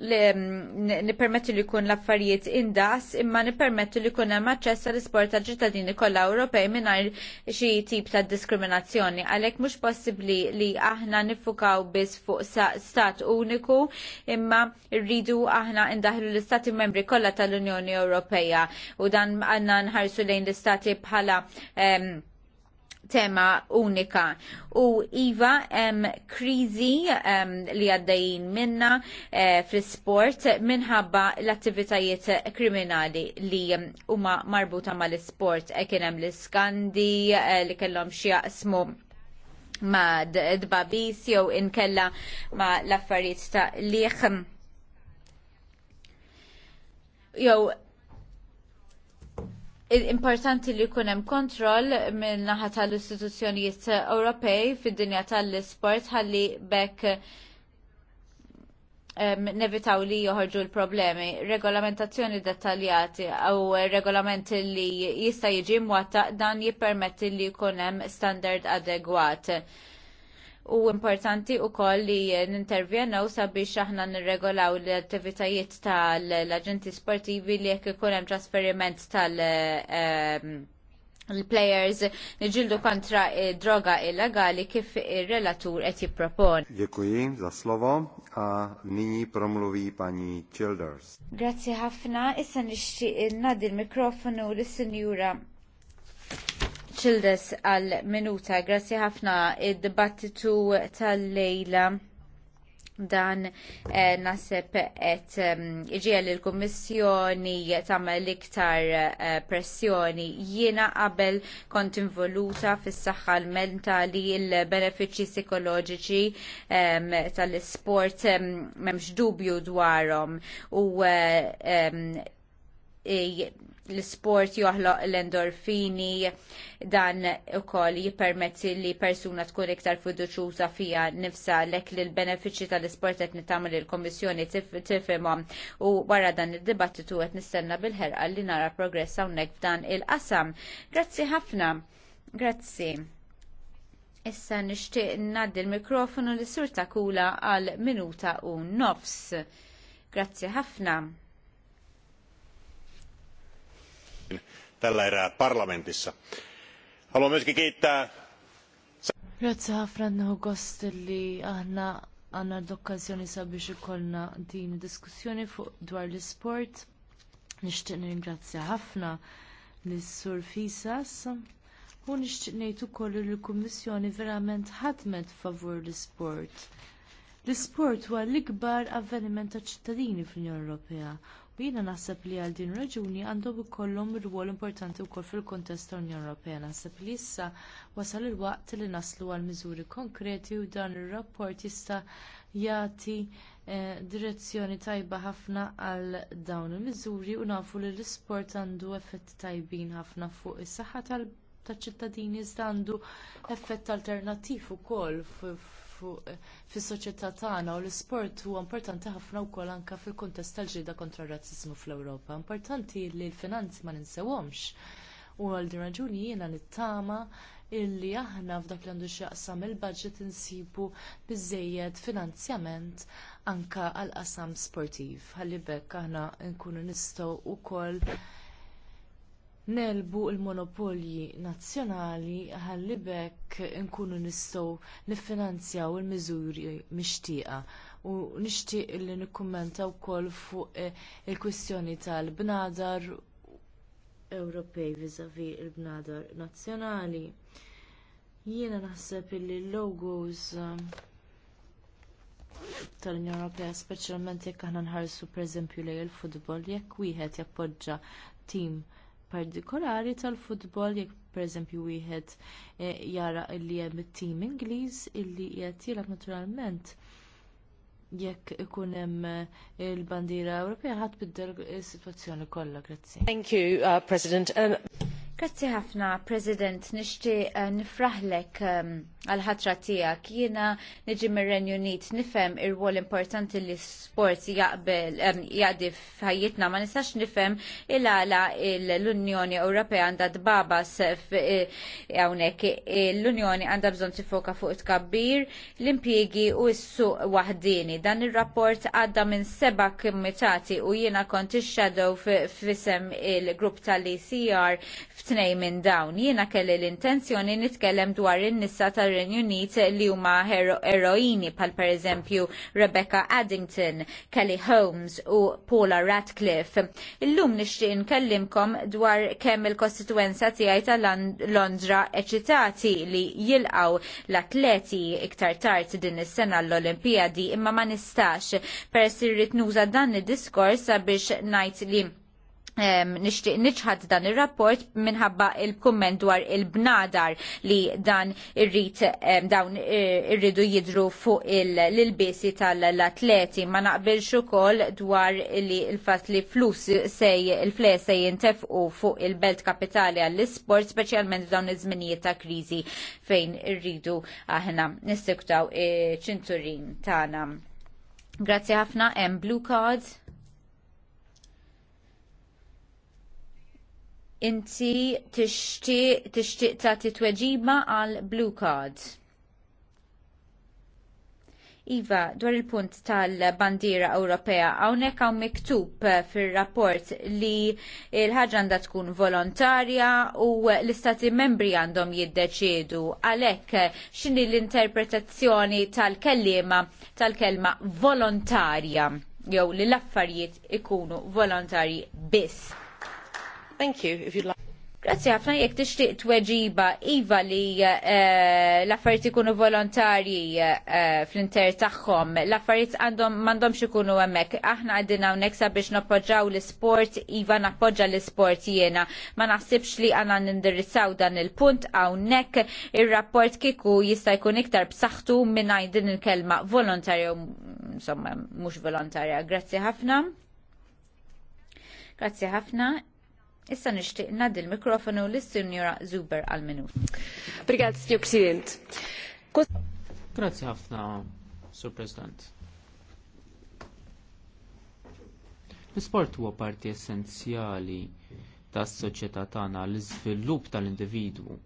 Mm, nipermettu li kun l-affarijiet indas imma nipermettu li kun hemm aċċess għall isport tal ċittadini kollha Ewropej mingħajr xi tip ta' diskriminazzjoni. Għalhekk mhux possibbli li aħna nifukaw biss fuq stat uniku imma rridu aħna indaħlu l-istati membri kollha tal-Unjoni Ewropea u dan għandna nħarsu lejn l-istati bħala tema unika. U Iva, em krizi em, li għaddejjin minna e, fl-sport minħabba l-attivitajiet kriminali li huma marbuta mal-sport. E hemm l-skandi e, eh, li kellhom xjaqsmu ma d-babis jew inkella ma l-affarijiet ta' liħ jew Importanti li jkun hemm kontroll minn naħa tal-istituzzjonijiet Ewropej fid-dinja tal-isport ħalli bekk nevitaw li joħorġu l-problemi. Regolamentazzjoni dettaljati u regolamenti li jista jiġi mwatta dan jippermetti li jkun hemm standard adegwat u importanti u koll li u sabiex aħna nirregolaw l-attivitajiet tal-aġenti sportivi li jekk ikun hemm trasferiment tal- ehm, l-players niġildu kontra droga illegali kif il-relatur qed jippropon. Dziękuję za slovo a Nini Promluvi pani Childers. Grazzi ħafna, issa nixtieq nadi l-mikrofonu lis-Sinjura Childes għal minuta, grazzi ħafna id-dibattitu tal-lejla dan eh, nasib et iġiel eh, il-Kommissjoni l iktar pressjoni. Jiena qabel kont involuta fis-saħħa mentali il-benefiċċji psikoloġiċi tal-isport m'hemmx dubju dwarhom u eh, l-sport joħloq l-endorfini dan ukoll jippermetti li persuna tkun iktar fiduċuża fiha nifsa lek li l-benefiċċji tal-isport qed nitamel il-Kommissjoni tifhimhom u wara dan id-dibattitu qed nistenna bil-ħerqa li nara progress hawnhekk f'dan il-qasam. Grazzi ħafna. Grazzi. Issa nixtieq ngħaddi l-mikrofonu li sur takula għal minuta u nofs. Grazzi ħafna. tällä erää parlamentissa. Haluan myöskin kiittää... Grazie ħafna nħu li aħna għanna l-okkazjoni sabiex ikollna din diskussjoni fuq dwar l-sport. Nishtiq ringrazzja ħafna l-Sur Fisas u nixtieq ngħid ukoll li l-Kummissjoni verament ħadmet favur l-isport. L-isport huwa l-ikbar avveniment taċ ċittadini fl-Unjoni Ewropea U jiena naħseb li għal din raġuni għandhom ikollhom rwol importanti wkoll fil-kontest ta' Unjoni Ewropea. Naħseb li issa wasal il-waqt li naslu għal miżuri konkreti u dan ir-rapport jista' jagħti eh, direzzjoni tajba ħafna għal dawn il-miżuri u nafu li l-isport għandu effett tajbin ħafna fuq is-saħħa tal taċ-ċittadini iżda għandu effett alternattiv ukoll Eh, fis-soċjetà tagħna u l-isport huwa importanti ħafna wkoll anke fil-kuntest tal-ġlieda kontra r-razziżmu fl-Ewropa. Importanti li l-finanzi ma ninsewhomx. U għal din raġuni jiena nittama illi aħna f'dak li għandu xaqsam il-budget insibu biżżejjed finanzjament anke għall qasam sportiv. Ħalli bekk aħna nkunu nistgħu wkoll nelbu l monopolji nazzjonali ħalli bekk inkunu nistgħu niffinanzjaw il-miżuri mixtieqa u nixtieq li nikkummenta wkoll fuq eh, il-kwistjoni tal-bnadar Ewropej viżavi l bnadar nazzjonali. Jiena naħseb li l-logos eh, tal-Unjoni Ewropea, speċjalment jekk aħna nħarsu pereżempju lejn il-futbol, jekk wieħed jappoġġa tim partikolari tal-futbol jekk pereżempju wieħed eh, jara li hemm it-tim Ingliż illi qed jilgħab naturalment jekk ikun hemm eh, il-bandiera Ewropea ħadd biddel is-sitwazzjoni kollha. Grazzi. Thank you, uh, President. Um, Grazzi ħafna, President, nishti uh, eh, nifraħlek ehm, għal-ħatra um, tijak. Jina nġi mir-Renju Unit nifem ir-wol importanti li sport jaqbel um, jaqdi f'ħajjitna ma nistax nifem il-għala l-Unjoni il Ewropea għandha dbabas eh, hawnhekk l-Unjoni għandha bżonn tifoka fuq tkabbir, l-impjiegi u s-suq wahdini. Dan ir-rapport għadda minn seba' kimitati u jiena kont ix-shadow f'isem il-grupp tal-ECR f'tnej minn dawn. Jiena kelli l-intenzjoni nitkellem dwar in-nisa tar-Renju Unit li huma eroini pal pereżempju Rebecca Addington, Kelly Holmes u Paula Radcliffe. Illum nixtieq nkellimkom dwar kemm il-kostituenza tiegħi ta' Londra eċitati li jilqaw l-atleti iktar tard din is-sena l-Olimpijadi imma ma nistax peress irrid nuża dan id-diskors sabiex ngħid li nixtieq niċħad dan ir-rapport minħabba il-kumment dwar il-bnadar li dan irrit dawn irridu jidru fuq il-bisi tal-atleti ma naqbilx ukoll dwar li il fatt li flus sej il-fles se jintefqu fuq il-belt kapitali għall-isport speċjalment f'dawn iż-żminijiet ta' kriżi fejn irridu aħna nistiktaw ċinturin tagħna. Grazzi ħafna hemm blue cards. Inti tixtieq tagħti tweġiba għal blue card. Iva, dwar il-punt tal-bandira Ewropea, hawnhekk hawn miktub fir rapport li l-ħaġa għandha tkun volontarja u l-istati membri għandhom jiddeċiedu għalhekk x'inhi l-interpretazzjoni tal-kellima tal-kelma volontarja jew li l-affarijiet ikunu volontarji biss. Thank you, if you'd like. Grazzi ħafna jekk tixtieq tweġiba iva li eh, l-affarijiet ikunu volontarji eh, fl-inter tagħhom, l-affarijiet għandhom m'għandhomx ikunu hemmhekk. Aħna qegħdin hawnhekk sabiex nappoġġaw l-isport, iva nappoġġa l-isport jiena. Ma naħsibx li għandna nindirizzaw dan il-punt hawnhekk ir-rapport kieku jista' jkun iktar b'saħħtu mingħajr din il-kelma volontarja insomma mhux volontarja. Grazzi ħafna. Grazzi ħafna. Issa nixtieq ngħaddi l-mikrofonu lis-Sinjora Zuber għal minut. Brigad, Sr. President. Grazzi ħafna, Sur President. L-isport huwa parti essenzjali tas-soċjetà tagħna l-iżvilupp tal-individwu u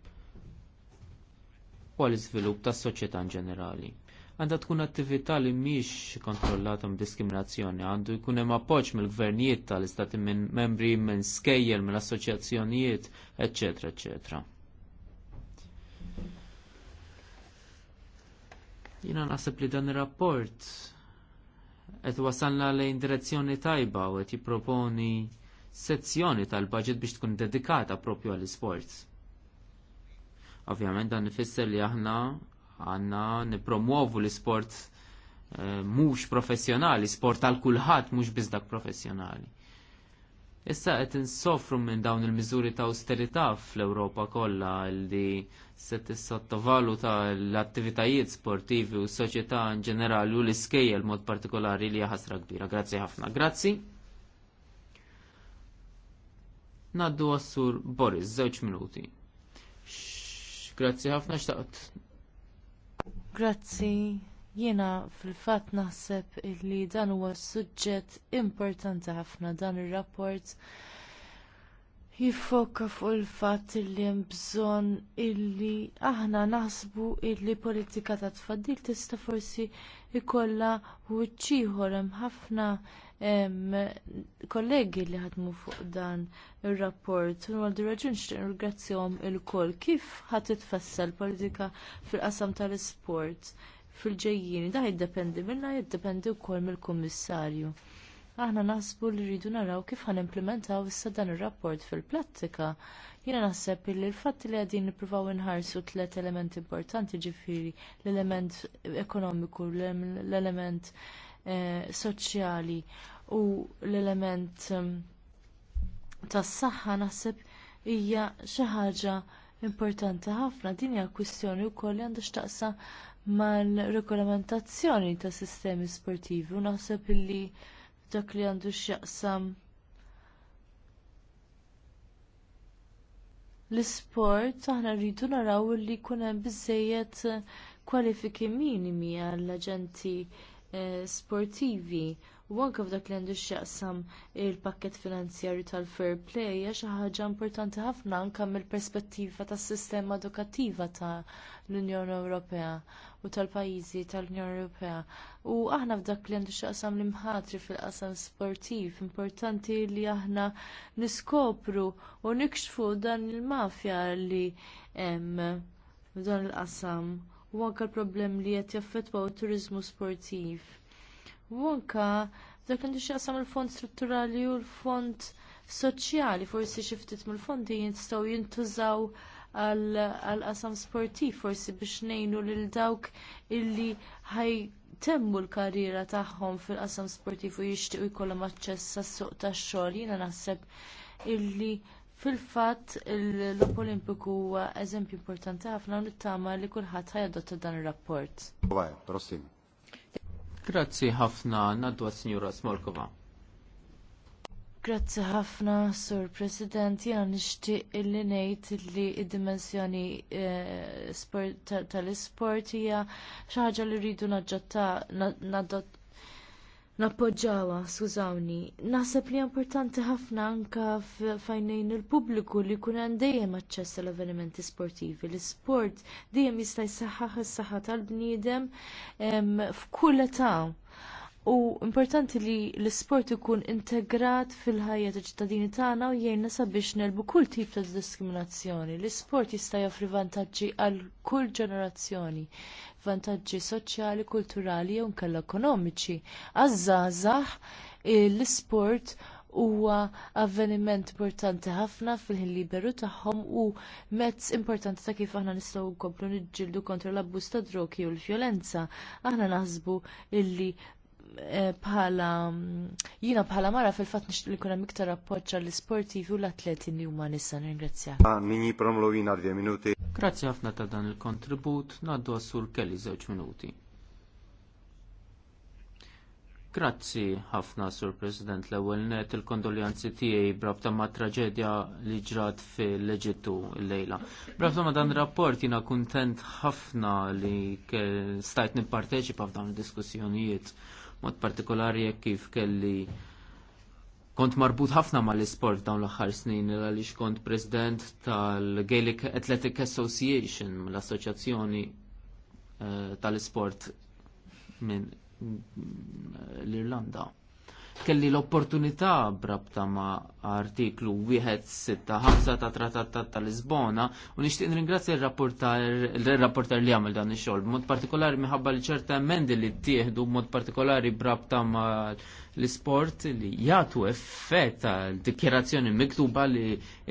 għall-iżvilupp tas-soċjetà in ġenerali għandha tkun attività li mhix kontrollata diskriminazzjoni, għandu jkun hemm appoġġ mill-gvernijiet tal-istati minn membri minn skejjel mill assoċjazzjonijiet, eċetera, eċetera. Jiena naħseb li dan ir-rapport qed wasalna lejn direzzjoni tajba u qed jipproponi sezzjoni tal-budget biex tkun dedikata propju għall-isport. Ovvjament dan ifisser li aħna għanna nipromuovu l-sport mux eh, mhux professjonali, sport għal kulħadd mhux biss dak professjonali. Issa qed insofru minn dawn il-miżuri ta' austerità fl-Ewropa kollha li se tissottovalu l-attivitajiet sportivi u s-soċjetà in ġenerali u l-iskejjel mod partikolari li ħasra kbira. Grazzi ħafna. Grazzi. Naddu għassur Boris, żewġ minuti. Grazzi ħafna xtaqt Grazzi, jiena fil-fatt naħseb li dan huwa suġġett importanti ħafna dan ir-rapport jiffoka fuq il-fatt li hemm bżonn illi aħna naħsbu illi politika ta' tfaddil tista' forsi ikolla wiċċ ieħor hemm ħafna kollegi li ħadmu fuq dan ir rapport u għaldi raġun xtingrazzjom il-koll kif ħadd itfassal politika fil-qasam tal isport fil-ġejjini, da jiddependi minna jiddependi wkoll mill-kummissarju. Aħna naħsbu li rridu naraw kif ħan implementaw issa dan ir rapport fil-prattika. Jiena naħseb li l-fatt li qegħdin nippruvaw inħarsu tliet elementi importanti ġifieri l-element ekonomiku, l-element Eh, soċjali u l-element ehm, tas-saħħa naħseb hija xi ħaġa importanti ħafna din hija kwistjoni wkoll li għandha x'taqsa mal-regolamentazzjoni tas sistemi sportivi u naħseb illi dak li għandu x'jaqsam l-isport aħna rridu naraw li jkun hemm biżżejjed kwalifiki minimi għall-aġenti Eh, sportivi u anke f'dak li għandu x'jaqsam il-pakket finanzjarju tal-fair play hija xi ħaġa importanti ħafna anke mill-perspettiva tas-sistema edukattiva tal-Unjoni Ewropea u tal-pajjiżi tal-Unjoni Ewropea. U aħna f'dak li għandu x'jaqsam l-imħatri fil-qasam sportiv importanti li aħna niskopru u nikxfu dan il-mafja li hemm f'dan il-qasam u anke l-problem li qed jaffettwaw it-turiżmu sportiv. U anke dak li xaqsam il-fond strutturali u l-fond soċjali forsi xi ftit mill-fondi jistgħu jintużaw għall qasam sportiv forsi biex ngħinu lil dawk illi ħaj temmu l-karriera tagħhom fil-qasam sportiv u jixtiequ jkollhom aċċess sas-suq tax-xogħol jiena naħseb illi Fil-fatt l-Lop Olimpiku huwa eżempju importanti ħafna u nittama li kulħadd ħajadotta dan ir-rapport. Grazzi ħafna nadwa Sinjura Smolkova. Grazzi ħafna, Sur President, jena nixtieq illi ngħid li d-dimensjoni eh, tal-isport hija xi ħaġa li rridu naġġotta nappoġġawa, skużawni. Naħseb li importanti ħafna anka fajnejn il-pubbliku li jkun hemm dejjem aċċess għall avvenimenti sportivi. L-isport dejjem jista' jsaħħaħ is-saħħa tal-bniedem f'kull età. U importanti li l-sport ikun integrat fil-ħajja ta' ċittadini tagħna u jgħinna sabiex nelbu kull tip ta' diskriminazzjoni. L-sport jista' joffri vantaġġi għal kull ġenerazzjoni, vantaġġi soċjali, kulturali u nkella ekonomiċi. Għażażaħ eh, l-sport huwa avveniment importanti ħafna fil-ħin liberu tagħhom u mezz importanti ta' kif aħna nistgħu nkomplu niġġieldu kontra l-abbuż ta' drogi u l-vjolenza. Aħna naħsbu illi Eh, bħala mm, jina bħala mara fil-fatt nix li kuna miktar appoċa l-sportivi u l-atleti li huma nissa ringrazzja. Nini ah, jina dvje minuti. Grazzi ħafna ta' dan il-kontribut, naddu għassur kelli żewġ minuti. Grazzi ħafna, Sur President, l-ewwel net il-kondoljanzi tiegħi brabta ma' traġedja li ġrat fil-Eġittu l-lejla. Brabta ma' dan rapport jiena kuntent ħafna li stajt nipparteċipa f'dawn id-diskussjonijiet mod partikolari jekk kif kelli kont marbut ħafna mal-isport dawn l-aħħar snin għaliex kont president tal-Gaelic Athletic Association, l-assoċjazzjoni eh, tal-isport minn eh, l-Irlanda kelli l-opportunità brabta ma' artiklu 165 ta' Tratat ta' Lisbona u nixtieq nringrazzja l rapportar li għamel dan ix-xogħol. B'mod partikolari minħabba li ċerta emendi li ttieħdu b'mod partikolari brabta ma' l-sport li jagħtu effett ta' dikjerazzjoni miktuba li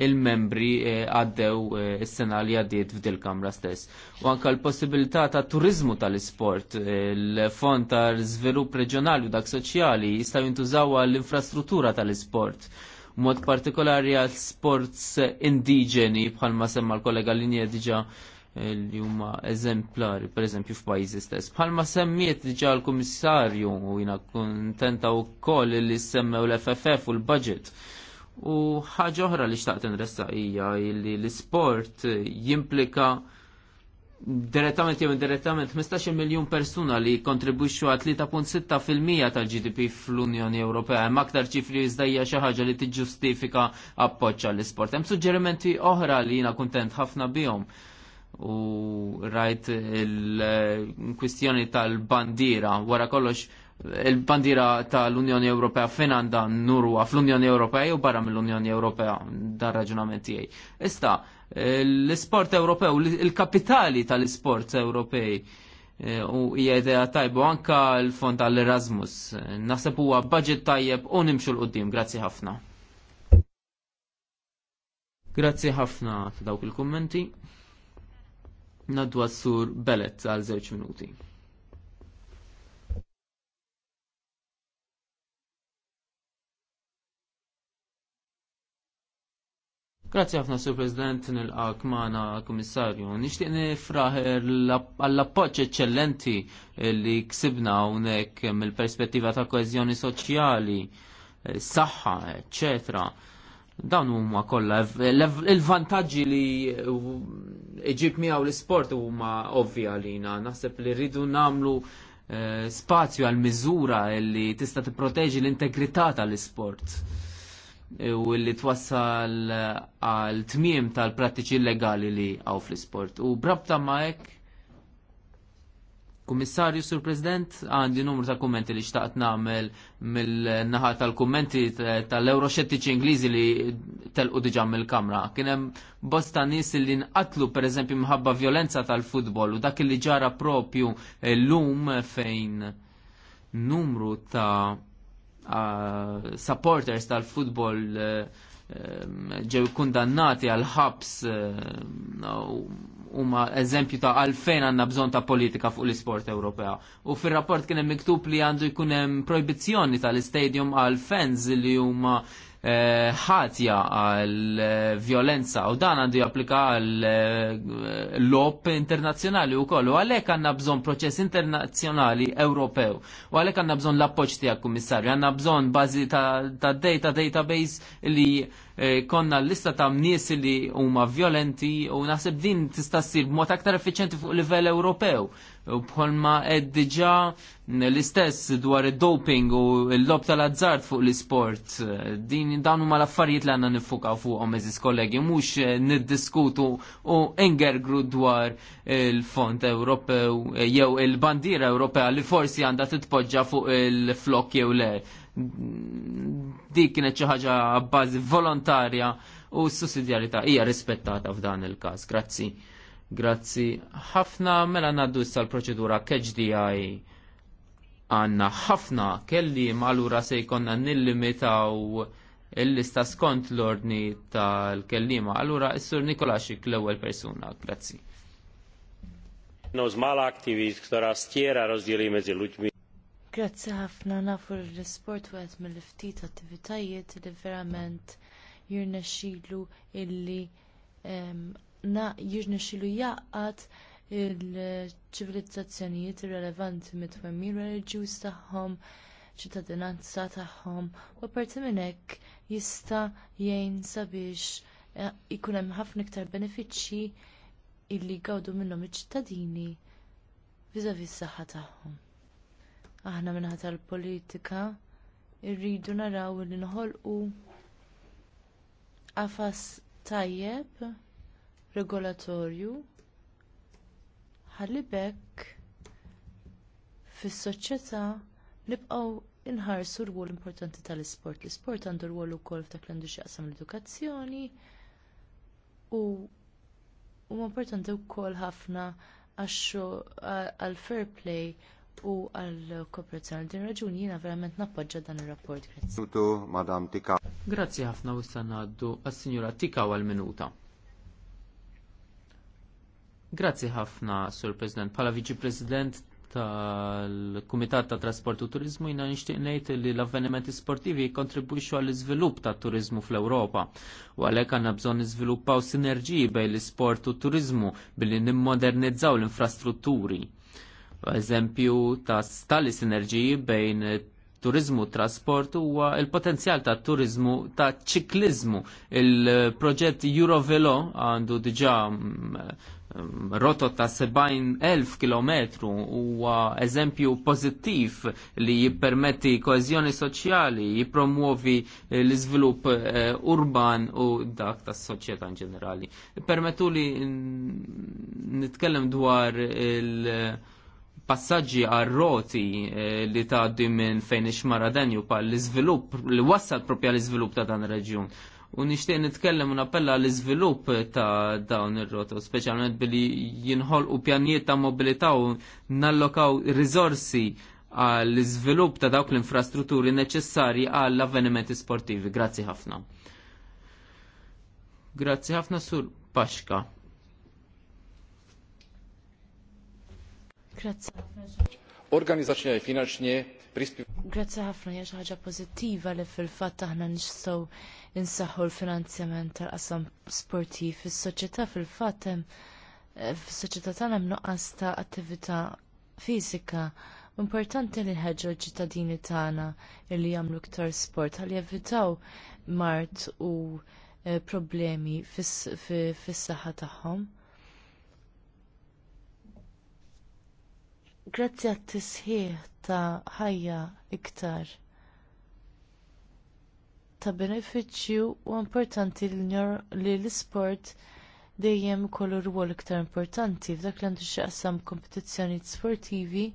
il-membri eh, għaddew eh, is-sena li għaddiet f'dil kamra stess. U anka l-possibilità ta' turizmu tal-isport, eh, l-fond tal svilup reġjonali u dak soċjali jistgħu jintużaw l infrastruttura tal-isport mod partikolari għal sports indiġeni bħalma semma l-kollega linje diġa li huma eżemplari, eżempju, f'pajjiżi stess. Bħalma semmiet diġà l-Kummissarju u kontenta u wkoll li semmew l-FFF u l-budget. U ħaġa oħra li xtaqt nressa hija li l-isport jimplika direttament jew indirettament 15 miljun persuna li kontribwixxu għal 3.6% tal-GDP fl-Unjoni Ewropea. Hemm aktar ċifri iżdejja xi ħaġa li tiġġustifika appoġġ għall-isport. Hemm suġġerimenti oħra li jiena kuntent ħafna bihom u rajt il-kwistjoni tal-bandira wara kollox il-bandira tal-Unjoni Ewropea fin għandha nurwa fl-Unjoni Ewropea u barra mill-Unjoni Ewropea dar raġunament tiegħi. Ista, l-isport Ewropew, il-kapitali tal-isport Ewropej e, u hija idea tajbu anka l-fond tal-Erasmus. Naħseb huwa budget tajjeb u nimxu l-qudiem. Grazzi ħafna. Grazzi ħafna f'dawk il-kummenti. Nadwa s sur Belet għal żewġ minuti. Grazie ħafna, Sur President, nil-għak maħna komissarju. Nishtiq nifraħ għall-appoċ eccellenti li ksibna unek mill-perspettiva ta' koezjoni soċjali, saħħa, eccetera Dawn huma kollha il-vantaġġi li iġib miegħu l-isport huma ovvja għalina. Naħseb li rridu nagħmlu eh, spazju għal miżura li tista' tipproteġi l-integrità tal-isport u li twassal għal tmiem tal-prattiċi illegali li għaw fl-isport. U brabta ma' hekk Kummissarju sur President, għandi numru ta' kummenti li xtaqt namel mill-naħa tal-kummenti tal-euroxettiċi Ingliżi li telqu diġa mill-kamra. Kienem bosta nis li nqatlu per eżempju mħabba violenza tal-futbol u dak li ġara propju eh, l-lum fejn numru ta' ah, supporters tal-futbol eh, Ehm, ġew kundannati għal ħabs ehm, huma eżempju ta' għalfejn għandna bżonn ta' politika fuq l-isport Ewropea. U fir-rapport kien hemm miktub li għandu jkun hemm projbizzjoni tal-istadium għal fans li huma ħatja għal violenza u dan għandu japplika għal lop internazzjonali u kollu għalek għanna bżon proċess internazzjonali Ewropew u għalek għanna bżon l-appoċ tijak kummissarju għanna bżon bazi ta', data database li eh, konna l-lista ta' mnis li huma violenti u naħseb din tista' sir b'mod aktar effiċenti fuq livell Ewropew u bħolma diġa l-istess dwar id-doping u l-lob tal-azzard fuq l-sport. Din dawn huma l-affarijiet li għandna nifuka fuqhom eżis kollegi, mhux niddiskutu u ingergru dwar il font Ewropew jew il bandira Ewropea li forsi għandha titpoġġa fuq il-flok jew le. Dik kienet xi ħaġa bażi volontarja u s-sussidjarità hija rispettata f'dan il-każ. Grazzi. Grazzi. Ħafna mela naddu issa l-proċedura KHDI għanna ħafna kelli malura se jkonna nillimitaw il-lista skont l-ordni tal-kellima. Allura, s-sur Nikolaxik l-ewel persuna, grazzi. Jedną mala aktivist, która stiera rozdzieli między Grazzi ħafna nafu l-sport wieħed l ftit attivitajiet li verament jirnexxielu illi na jirnexilu jaqat il-ċivilizzazzjonijiet irrelevanti mit-twemmir reliġjuż tagħhom, ċittadinanza tagħhom, u apparti minn hekk jista' jgħin sabiex e, ikun hemm ħafna iktar benefiċċji illi jgawdu minnhom iċ-ċittadini viżavi s-saħħa tagħhom. Aħna minħabba tal-politika irridu naraw li noħolqu għafas tajjeb regolatorju ħalli bekk fis-soċjetà nibqgħu inħarsu r-rwol importanti tal-isport. L-isport għandu rwol ukoll f'dak li għandu x'jaqsam l-edukazzjoni u huma importanti wkoll ħafna għall fair play u għal kooperazzjoni. Din raġuni jiena verament nappoġġa dan ir-rapport. Grazzi ħafna u issa ngħaddu għas-Sinjura Tika għal minuta. Grazzi ħafna, Sur President. Pala Viċi President tal-Kumitat ta' Trasport u Turizmu jina nixtieq ngħid li l-avvenimenti sportivi kontribuixu għall iżvilupp ta' turizmu fl-Ewropa. U għalek għandna bżonn iżviluppaw sinerġiji bejn l-isport u turizmu billi nimmodernizzaw l-infrastrutturi. Eżempju ta' stali sinerġiji bejn turizmu trasport huwa il-potenzjal ta' turizmu ta' ċiklizmu. Il-proġett Eurovelo għandu diġà mm, rotot ta' 70.000 km huwa eżempju pozittiv li jippermetti koezjoni soċjali, jipromuovi eh, l-iżvilupp eh, urban u dak ta' soċjetà in ġenerali. Permettu li nitkellem dwar il- passaġġi għal-roti eh, li ta' minn fejn ix-maradenju pa l-izvilup, li wassal propja l-izvilup ta' dan reġjun u nixtieq nitkellem u nappella l iżvilupp ta' dawn ir-rotot, speċjalment billi jinħolqu pjanijiet ta' mobilità u nallokaw riżorsi għall iżvilupp ta' dawk l-infrastrutturi neċessarji għall avvenimenti sportivi. Grazzi ħafna. Grazzi ħafna sur Paxka. Grazzi. Organizacznie i financznie prispiew Grazzi ħafna hija xi ħaġa pożittiva li fil-fatt aħna nistgħu insaħħu l-finanzjament tal-qasam sportiv fis-soċjetà fil-fatt hemm eh, fis-soċjetà tagħna hemm nuqqas ta' attività fiżika. Importanti li nħeġġu l-ċittadini tagħna li jagħmlu iktar sport ħalli jevitaw mart u eh, problemi fis-saħħa tagħhom. Grazzi għat tisħiħ ta' ħajja iktar ta' benefiċċju u importanti li l-isport dejjem kollu rwol iktar importanti f'dak li għandu xaqsam kompetizzjonijiet sportivi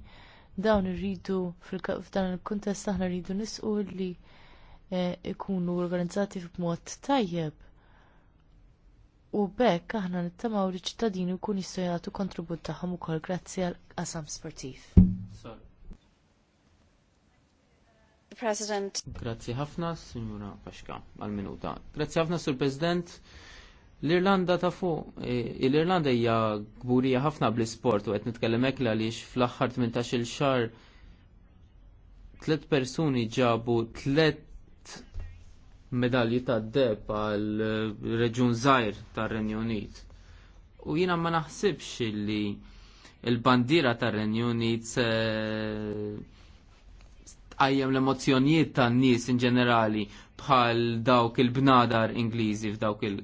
dawn irridu f'dan il-kuntest aħna rridu nisqu li eh, ikunu organizzati b'mod tajjeb. U bekk aħna nittamaw li ċittadini jkun jistgħu jagħtu kontribut tagħhom ukoll grazzi għal qasam sportiv. President. Grazzi ħafna, Signora Paxka, għal-minuta. Grazzi ħafna, Sur President. L-Irlanda ta' fuq, e, l-Irlanda hija gburija ħafna bl-isport u qed nitkellem hekk għaliex fl-aħħar 18-il xahar tliet persuni ġabu tliet medalji ta' deb għal eh, reġun zaħir ta' Renju Unit. U jina ma naħsibx li il-bandira ta' Renju Unit se għajjem l-emozjonijiet tan nies in ġenerali bħal dawk il-bnadar Ingliżi f'dawk il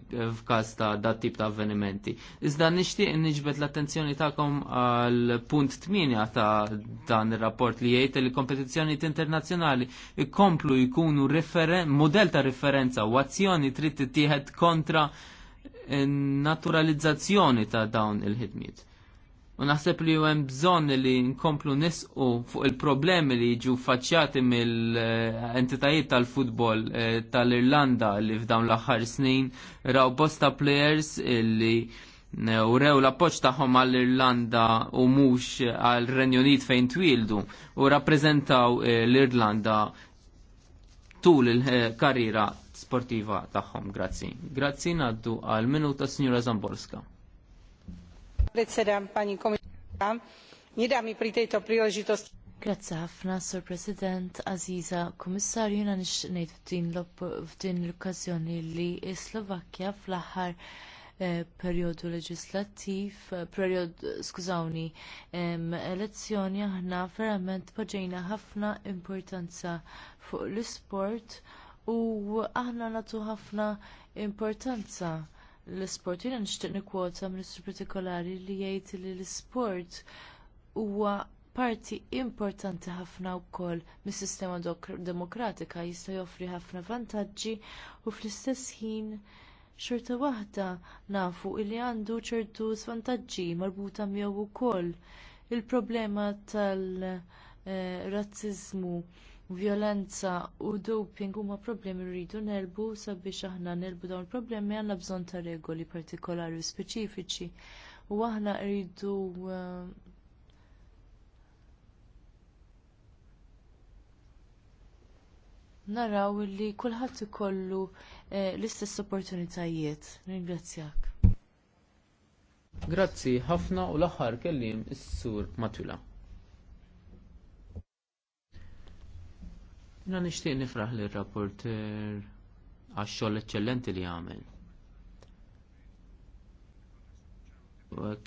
każ ta' dat tip ta' avvenimenti. Iżda nixtieq niġbet l-attenzjoni tagħkom għal punt 8 ta' dan ir-rapport li jgħid li kompetizzjonijiet internazzjonali jkomplu jkunu modell ta' referenza u azzjoni trid tittieħed kontra naturalizzazzjoni ta' dawn il-ħidmiet U naħseb li hemm bżonn li nkomplu nisqu fuq il-problemi li jiġu faċċjati mill-entitajiet tal-futbol eh, tal-Irlanda li f'dawn l-aħħar snin raw bosta players li eh, urew l-appoċ tagħhom għall-Irlanda u mhux għall-Renju Unit fejn twildu u rappreżentaw eh, l-Irlanda tul il-karriera sportiva tagħhom. Grazzi. Grazzi ngħaddu għal minuta Sinjura Zamborska predseda Grazzi ħafna, Sur President, Aziza, Komissarju, jina nixnejt f'din l-okkazjoni li Slovakkja fl-aħħar eh, perjodu leġislattiv, eh, period, skużawni, elezzjoni aħna verament poġġejna ħafna importanza fuq l isport u aħna nagħtu ħafna importanza l-isport. Jina nixtieq nikkwota ministru partikolari li jgħid li l-isport huwa parti importanti ħafna wkoll mis-sistema demokratika jista' joffri ħafna vantaġġi u fl-istess ħin xorta waħda nafu li għandu ċertu svantaġġi marbuta miegħu wkoll il-problema tal-razziżmu. Eh, vjolenza u doping huma problemi rridu nelbu sabiex aħna nelbu dawn il-problemi għandna bżonn ta' regoli partikolari u speċifiċi u aħna rridu eh, naraw li kulħadd ikollu eh, l-istess opportunitajiet. Ringrazzjak. Grazzi ħafna u l-aħħar kellim is-sur Matula. Jina nishtiq nifraħ li rapporter għax-xogħol eċċellenti li għamel.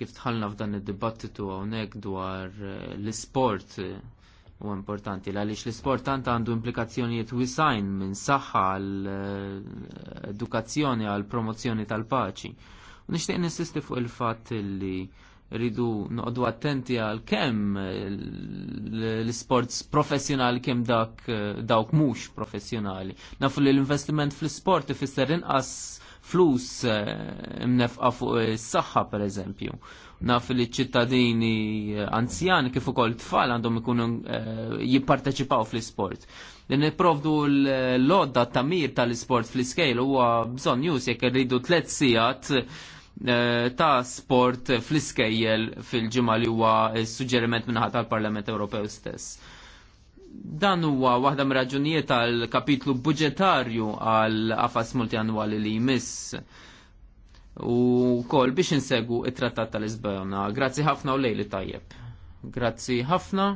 Kif tħallna f'dan id-dibattitu hawnhekk dwar eh, l-isport eh, u importanti għaliex l-isport tant għandu implikazzjonijiet wisajn minn saħħa għall eh, edukazzjoni għall promozzjoni tal-paċi. Nishtiq nixtieq fuq il-fatt li rridu noqdu attenti għal kemm l-sports professjonali kemm dak dawk mhux professjonali. Nafu li l-investiment fl-sport ifisser inqas flus eh, mnefqa fuq is-saħħa pereżempju. Naf li ċittadini anzjani kif ukoll tfal għandhom ikunu eh, jipparteċipaw fl-isport. Li niprovdu l-lodda tamir tal-isport fl-iskejl huwa bżonn jus jekk irridu tliet sigħat Eh, ta' sport fl-iskejjel fil-ġimgħa li huwa suġġeriment minnaħa tal-Parlament Ewropew stess. Dan huwa waħda mir-raġunijiet tal-kapitlu budġetarju għal qafas multianwali li jmiss u kol biex insegu it-trattat tal-Lisbona. Grazzi ħafna u lejli tajjeb. Grazzi ħafna,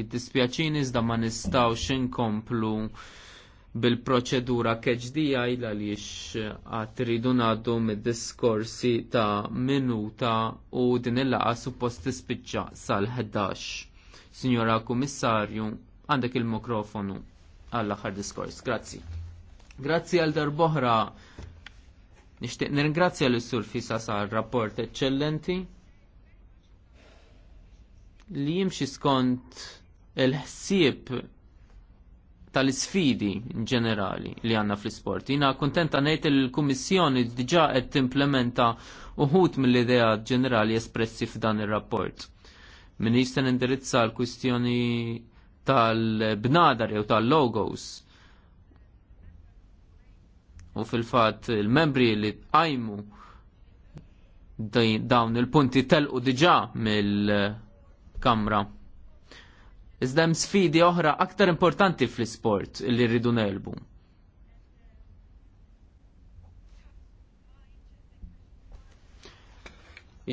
jiddispjaċini iżda ma nistgħux inkomplu bil-proċedura keġdija il għaliex eh, għat rridu mid-diskorsi ta' minuta u din il laqgħa suppost tispiċċa sal-11. Signora Kummissarju, għandek il-mikrofonu għall-aħħar diskors. Grazzi. Grazzi għal darboħra. Nishtiq nirringrazzja l sur Fisa sar rapport eccellenti li jimxi skont il-ħsieb tal-isfidi ġenerali li għanna fl-sport. Jina kontenta nejt il-Kummissjoni diġa qed timplementa uħut mill-idea ġenerali espressi f'dan ir-rapport. Min jista' indirizza l-kwistjoni tal-bnadar jew tal-logos. U fil-fatt il-membri li tqajmu dawn il-punti telqu diġa mill-Kamra Iżda hemm sfidi oħra aktar importanti fl-isport li rridu nelbu.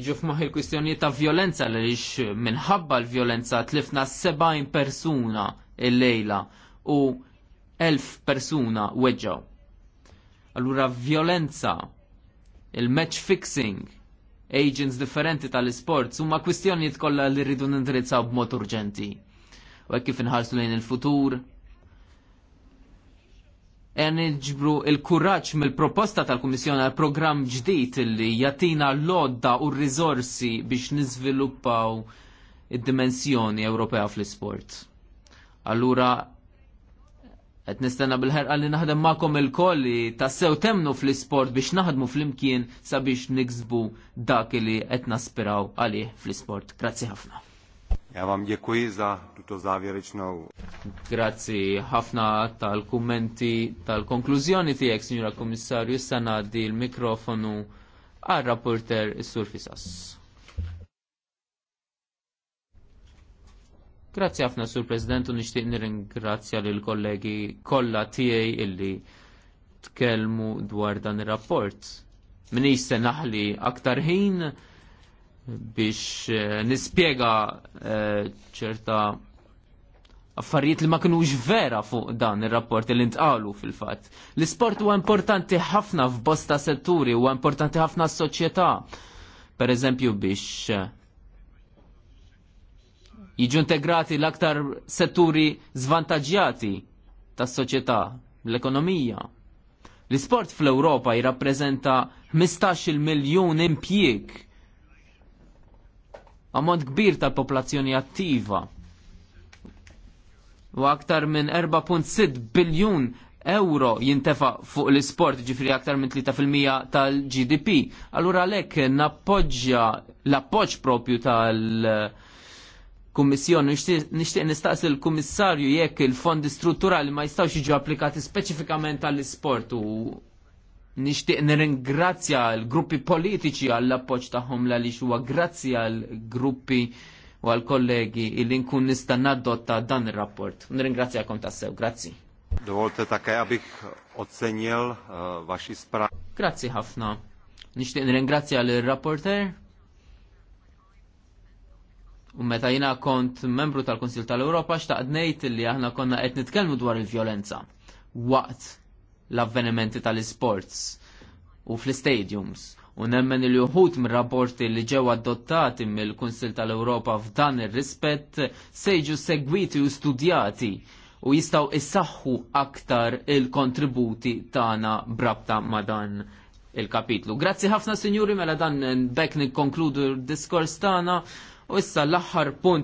Iġu f'maħi l-kwistjoni ta' violenza li minħabba l-violenza tlifna 70 persuna il-lejla u 1000 persuna weġġaw. Allura violenza, il-match fixing, agents differenti tal-isports huma kwistjonijiet kollha li rridu nindirizzaw b'mod urġenti u għek kif inħarsu lejn il-futur. Għan e iġbru il kurraċ mill-proposta tal-Komissjoni għal programm ġdid li jatina l-lodda u r-rizorsi biex niżviluppaw id-dimensjoni Ewropea fl-isport. Allura, qed nistenna bil-ħerqa li naħdem ma'kom il-koll li tassew temnu fl-isport biex naħdmu fl-imkien sabiex niksbu dak li qed naspiraw għalih fl-isport. Grazzi ħafna. Ja vam za tuto závěrečnou. Grazzi ħafna tal-kummenti tal-konklużjoni tiegħek, Sinjura Kommissarju, issa ngħaddi l-mikrofonu għar rapporter Surfisas. Fisas. Grazzi ħafna Sur President u nixtieq nirringrazzja lil kollegi kollha tiegħi illi tkellmu dwar dan ir-rapport. Min se naħli aktar ħin biex eh, nispjega eh, ċerta affarijiet li ma kinux vera fuq dan ir-rapport li ntqalu fil-fatt. L-isport huwa importanti ħafna f'bosta setturi, huwa importanti ħafna s-soċjetà. Per eżempju biex eh, jiġu integrati l-aktar setturi zvantaġġjati tas-soċjetà, l-ekonomija. L-isport fl-Ewropa jirrappreżenta 15 miljun impjieg ammont kbir tal-popolazzjoni attiva u aktar minn 4.6 biljun euro jintefa fuq l-sport ġifri aktar minn 3% tal-GDP. Allura lek nappoġġja l-appoġġ propju tal-Kummissjoni, nixtieq nistaqsi l-Kummissarju jekk il-fondi strutturali ma jistgħux jiġu applikati speċifikament tal isport u Nixtieq nirringrazzja l-gruppi politiċi għall-appoġġ tagħhom għaliex huwa grazzi għall-gruppi u għall-kollegi illi nkun nista' nadotta dan ir-rapport. Nirringrazzjakom tassew, grazzi. Dovolte také, abych ocenil uh, vaši zprávu. Grazzi ħafna. Nixtieq nirringrazzja l-rapporter. U meta jina kont membru tal-Konsil tal-Europa xtaqt ngħid li aħna konna qed nitkellmu dwar il-vjolenza waqt l-avvenimenti tal-sports u fl-stadiums. U nemmen il uħut mir-rapporti li ġew adottati mill-Kunsil tal-Ewropa f'dan ir-rispett sejġu segwiti u studjati u jistaw issaħħu aktar il-kontributi tagħna brabta ma' dan il-kapitlu. Grazzi ħafna, sinjuri, mela dan bekni nikkonkludu d-diskors tagħna u issa l-aħħar punt